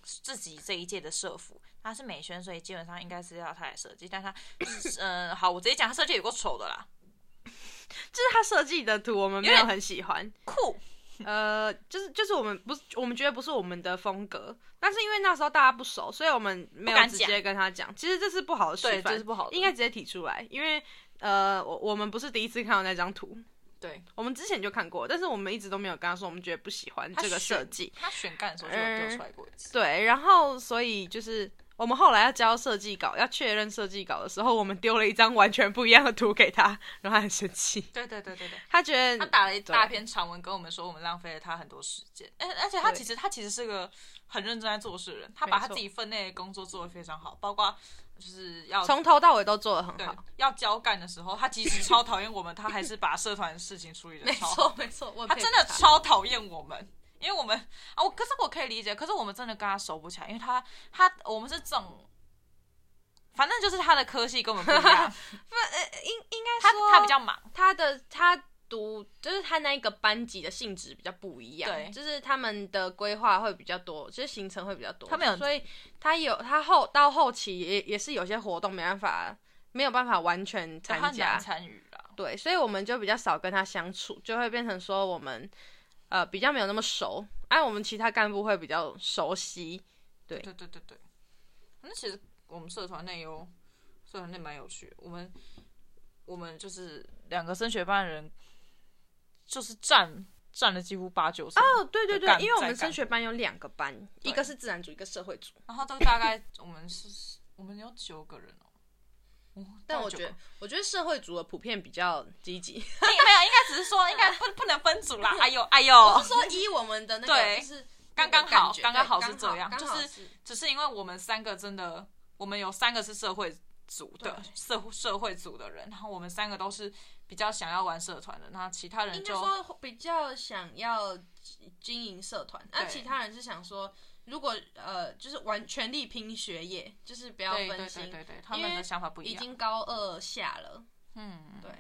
自己這一屆的社服，他是美宣，所以基本上應該是要他來設計。但他，嗯、 呃，好，我直接講，他設計有夠醜的啦，這、就是他設計的圖，我們沒有很喜歡，酷，呃，就是就是我們不是我們覺得不是我們的風格，但是因為那時候大家不熟，所以我們沒有直接跟他講。其實這是不好的示範，對，這、就是不好的，應該直接提出來，因為呃，我我們不是第一次看到那張圖。對我們之前就看過，但是我們一直都沒有跟他說，我們覺得不喜歡這個設計。他選干的時候就有丟出來過一次。呃，對，然後所以就是我們後來要交設計稿，要確認設計稿的時候，我們丟了一張完全不一樣的圖給他，然後他很生氣。對對對對，對，他覺得他打了一大篇長文跟我們說，我們浪費了他很多時間。而而且他其實他其實是個很認真在做事的人，他把他自己分內的工作做得非常好，包括。就是要從頭到尾都做得很好。要交幹的時候，他即使超討厭我們， 他還是把社團的事情處理的超，沒錯沒錯，他真的超討厭我們，因為我們啊，我可是我可以理解，可是我們真的跟他熟不起來，因為他他我們是正，反正就是他的科系跟我們不一樣， 不呃應應該說他，他比較忙，他的他。都就是他那個班級的性質比較不一樣，對，就是他們的規劃會比較多，其實行程會比較多。他們有，所以他有他後到後期也也是有些活動沒辦法沒有辦法完全參加參與了。對，所以我們就比較少跟他相處，就會變成說我們呃比較沒有那麼熟。哎，我們其他幹部會比較熟悉。對對，對對對對。那其實我們社團內有，社團內蠻有趣的。我們我們就是兩個升學班人，就是佔佔了幾乎八九成。哦、oh，對對對，因為我們升學班有兩個班，一個是自然組，一個社會組，然後都大概 我們是，我們有九個人哦。哦，但我覺得，我覺得社會組的普遍比較積極。 沒有，應該只是說，應該不不能分組啦。還 有哎，有，我、哎、就是、說一我們的那個， 對，是剛剛好、那個剛剛好，剛剛好是這樣，剛剛就是，剛剛是只是因為我們三個真的，我們有三個是社會組的社社會組的人，然後我們三個都是。比較想要玩社團的，那其他人就應該說比較想要經營社團。那、啊、其他人是想說，如果呃，就是完全力拼學業，就是不要分心。對對,對,對他們的想法不一樣。已經高二下了，嗯，對，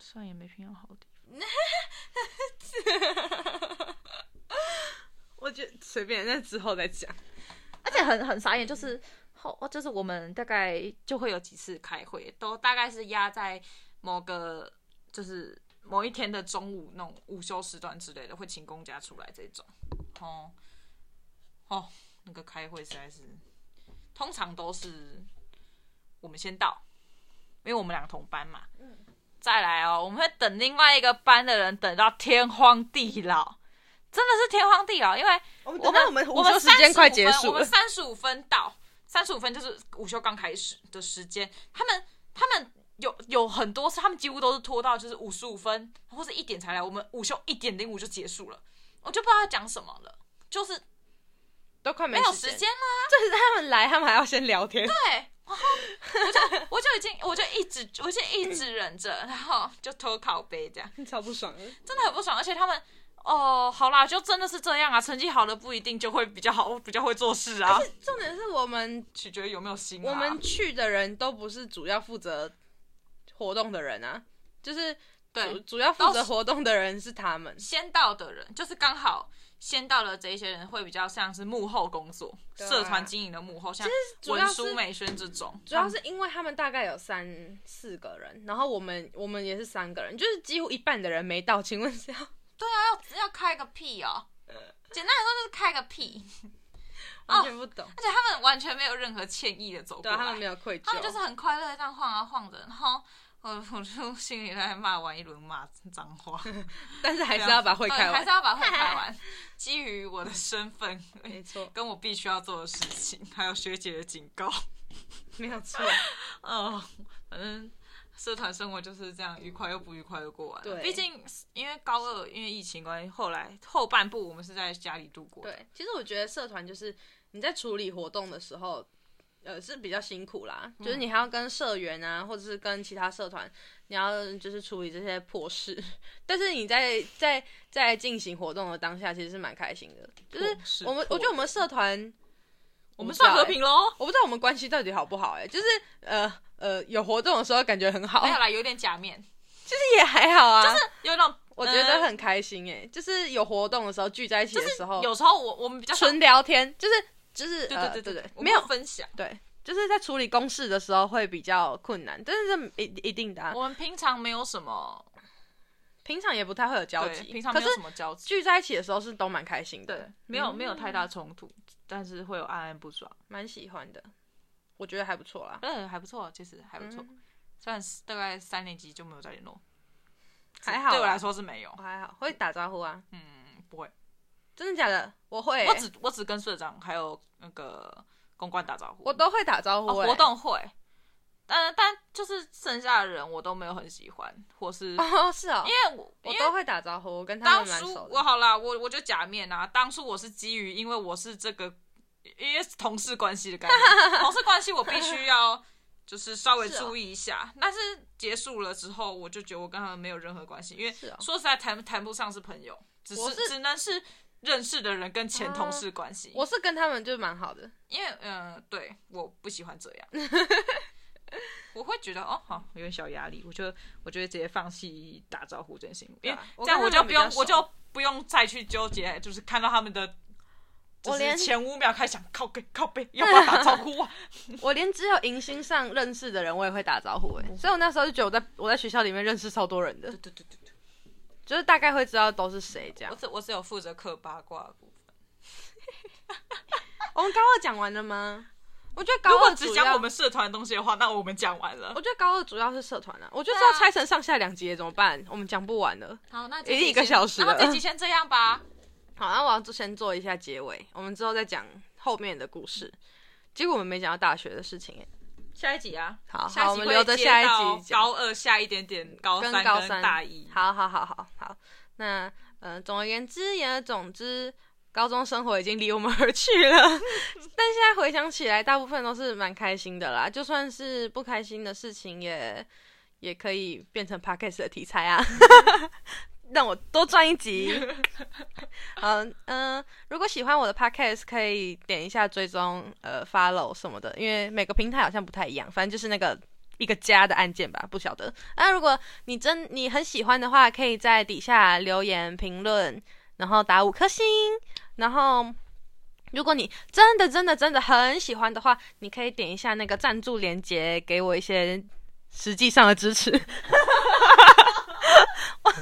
雖然也沒拼好。哈 我覺得隨便，那之後再講。而且很很傻眼，就是後、嗯、就是我們大概就會有幾次開會，都大概是壓在某個。就是某一天的中午那種午休時段之類的，會請公假出來這種。哦哦，那個開會實在是，通常都是我們先到，因為我們兩個同班嘛。嗯。再來哦，我們會等另外一個班的人等到天荒地老，真的是天荒地老，因為我們我們、哦、等等我們午休時間快結束了，我們三十五分到，三十五分就是午休剛開始的時間，他們他們。有有很多次，他們幾乎都是拖到就是五十五分或者一點才來。我們午休一點零五就結束了，我就不知道講什麼了，就是都快沒，時沒有時間了。就是他們來，他們還要先聊天。對，然後我就 我就已經我就一直我就一直忍着，然後就偷靠杯這樣。超不爽的，真的很不爽。而且他們哦、呃，好啦，就真的是這樣啊。成績好的不一定就會比較好，比較會做事啊。重點是我們取決於有沒有心、啊。我們去的人都不是主要負責。活動的人啊，就是主對主要負責活動的人是他們。到先到的人就是剛好先到了，這一些人會比較像是幕後工作、啊、社團經營的幕後，像文書、就是、美宣這種。主要是因為他們大概有三四個人，然後我們我們也是三個人，就是幾乎一半的人沒到。請問是要對啊，要要開個屁哦、喔！ 簡單來說就是開個屁， 完全不懂。Oh, 而且他們完全沒有任何歉意的走過來，對，他們沒有愧疚，他們就是很快樂這樣晃啊晃著，然後。我我就心裡在罵完一輪罵髒話，但是還是要把會開完，嗯、還是要把會開完。 基於我的身份，沒錯，跟我必須要做的事情，還有學姐的警告，沒有錯。嗯、 呃，反正社團生活就是這樣，愉快又不愉快的過完。對，畢竟因為高二因為疫情關係，後來後半部我們是在家裡度過。對，其實我覺得社團就是你在處理活動的時候。呃，是比較辛苦啦，嗯，就是你還要跟社員啊，或者是跟其他社團，你要就是處理這些破事。但是你在在在進行活動的當下，其實是蠻開心的。婆是婆就是我們，我覺得我們社團，欸，我們算和平嘍。我不知道我們關係到底好不好哎，欸。就是呃呃，有活動的時候感覺很好。沒有啦，有點假面，其、就、實、是、也還好啊。就是有種我覺得很開心哎，欸呃，就是有活動的時候聚在一起的時候，就是、有時候我我們比較純聊天，就是。就是對對對對對，呃、對對對我我沒有分享。對，就是在處理公事的時候會比較困難，但是這一一定的、啊。我們平常沒有什麼，平常也不太會有交集。平常沒有什麼交集。聚在一起的時候是都蠻開心的，對，沒有、嗯、沒有太大衝突、嗯，但是會有暗暗不爽、嗯，蠻喜歡的。我覺得還不錯啦，嗯，還不錯，其實還不錯。算、嗯、是大概三年級就沒有再聯絡，還好、啊、對我來說是沒有。還好會打招呼啊？嗯，不會。真的假的？我會、欸，我只我只跟社長還有那個公關打招呼，我都會打招呼、欸哦。活動會，但但就是剩下的人我都沒有很喜歡，或是哦是哦。因為我我都會打招呼，我跟他當初我好了，我我就假面啊。當初我是基於因為我是這個因為同事關係的感覺。 同事關係我必須要就是稍微注意一下。是哦、但是結束了之後，我就覺得我跟他們沒有任何關係，因為說實在談談不上是朋友，只是，是只能是。認識的人跟前同事關係，uh, 我是跟他們就蠻好的，因為嗯，對，我不喜歡這樣， 我會覺得哦，好有點小壓力，我覺得，我覺得直接放棄打招呼真心，因為這樣我就不用，我，我就不用再去糾結，就是看到他們的，我、就、連、是、前五秒開始想靠背靠背要不要打招呼啊？ 我連只有迎新上認識的人我也會打招呼哎、欸，oh. 所以我那時候就覺得我在我在學校裡面認識超多人的，對對對對，對。就是大概會知道都是誰這樣。我只我只有負責嗑八卦的部分。 我們高二講完了嗎？我覺得高二如果只講我們社團東西的話，那我們講完了。我覺得高二主要是社團了、啊。我覺得要拆成上下兩集怎麼辦？啊、我們講不完了。好，那一定一個小時了。那這集先這樣吧。好，那我要就先做一下結尾，我們之後再講後面的故事。結果我們沒講到大學的事情耶。下一集啊，好，好，我們留着下一集高二下一點點，高三，跟高三跟大一。好好好好好，那呃，總而言之，言而總之，高中生活已經離我們而去了。 但現在回想起來，大部分都是蠻開心的啦。就算是不開心的事情也，也也可以變成 podcast 的題材啊。 讓我多賺一集。嗯嗯、呃，如果喜歡我的 podcast，可以點一下追蹤呃 follow 什麼的，因為每個平台好像不太一樣，反正就是那個一個加的按鍵吧，不曉得。啊，如果你真你很喜歡的話，可以在底下留言評論，然後打五顆星。然後，如果你真的真的真的很喜歡的話，你可以點一下那個贊助連結，給我一些實際上的支持。 我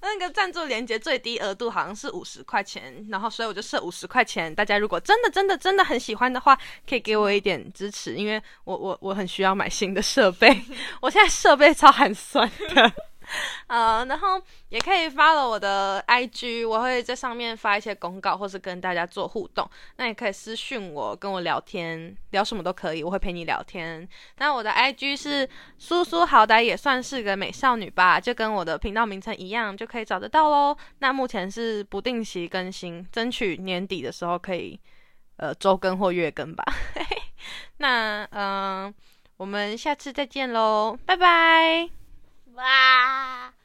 那個贊助連結最低額度好像是五十塊錢，然後所以我就設五十塊錢。大家如果真的真的真的很喜歡的話，可以給我一點支持，因為我我我很需要買新的設備， 我現在設備超寒酸的。 呃、嗯，然後也可以 follow 我的 IG，我會在上面發一些公告，或是跟大家做互動。那也可以私訊我，跟我聊天，聊什麼都可以，我會陪你聊天。那我的 IG 是蘇蘇，好歹也算是個美少女吧，就跟我的頻道名稱一樣，就可以找得到嘍。那目前是不定期更新，爭取年底的時候可以呃週更或月更吧。 那嗯，我們下次再見嘍，拜拜。哇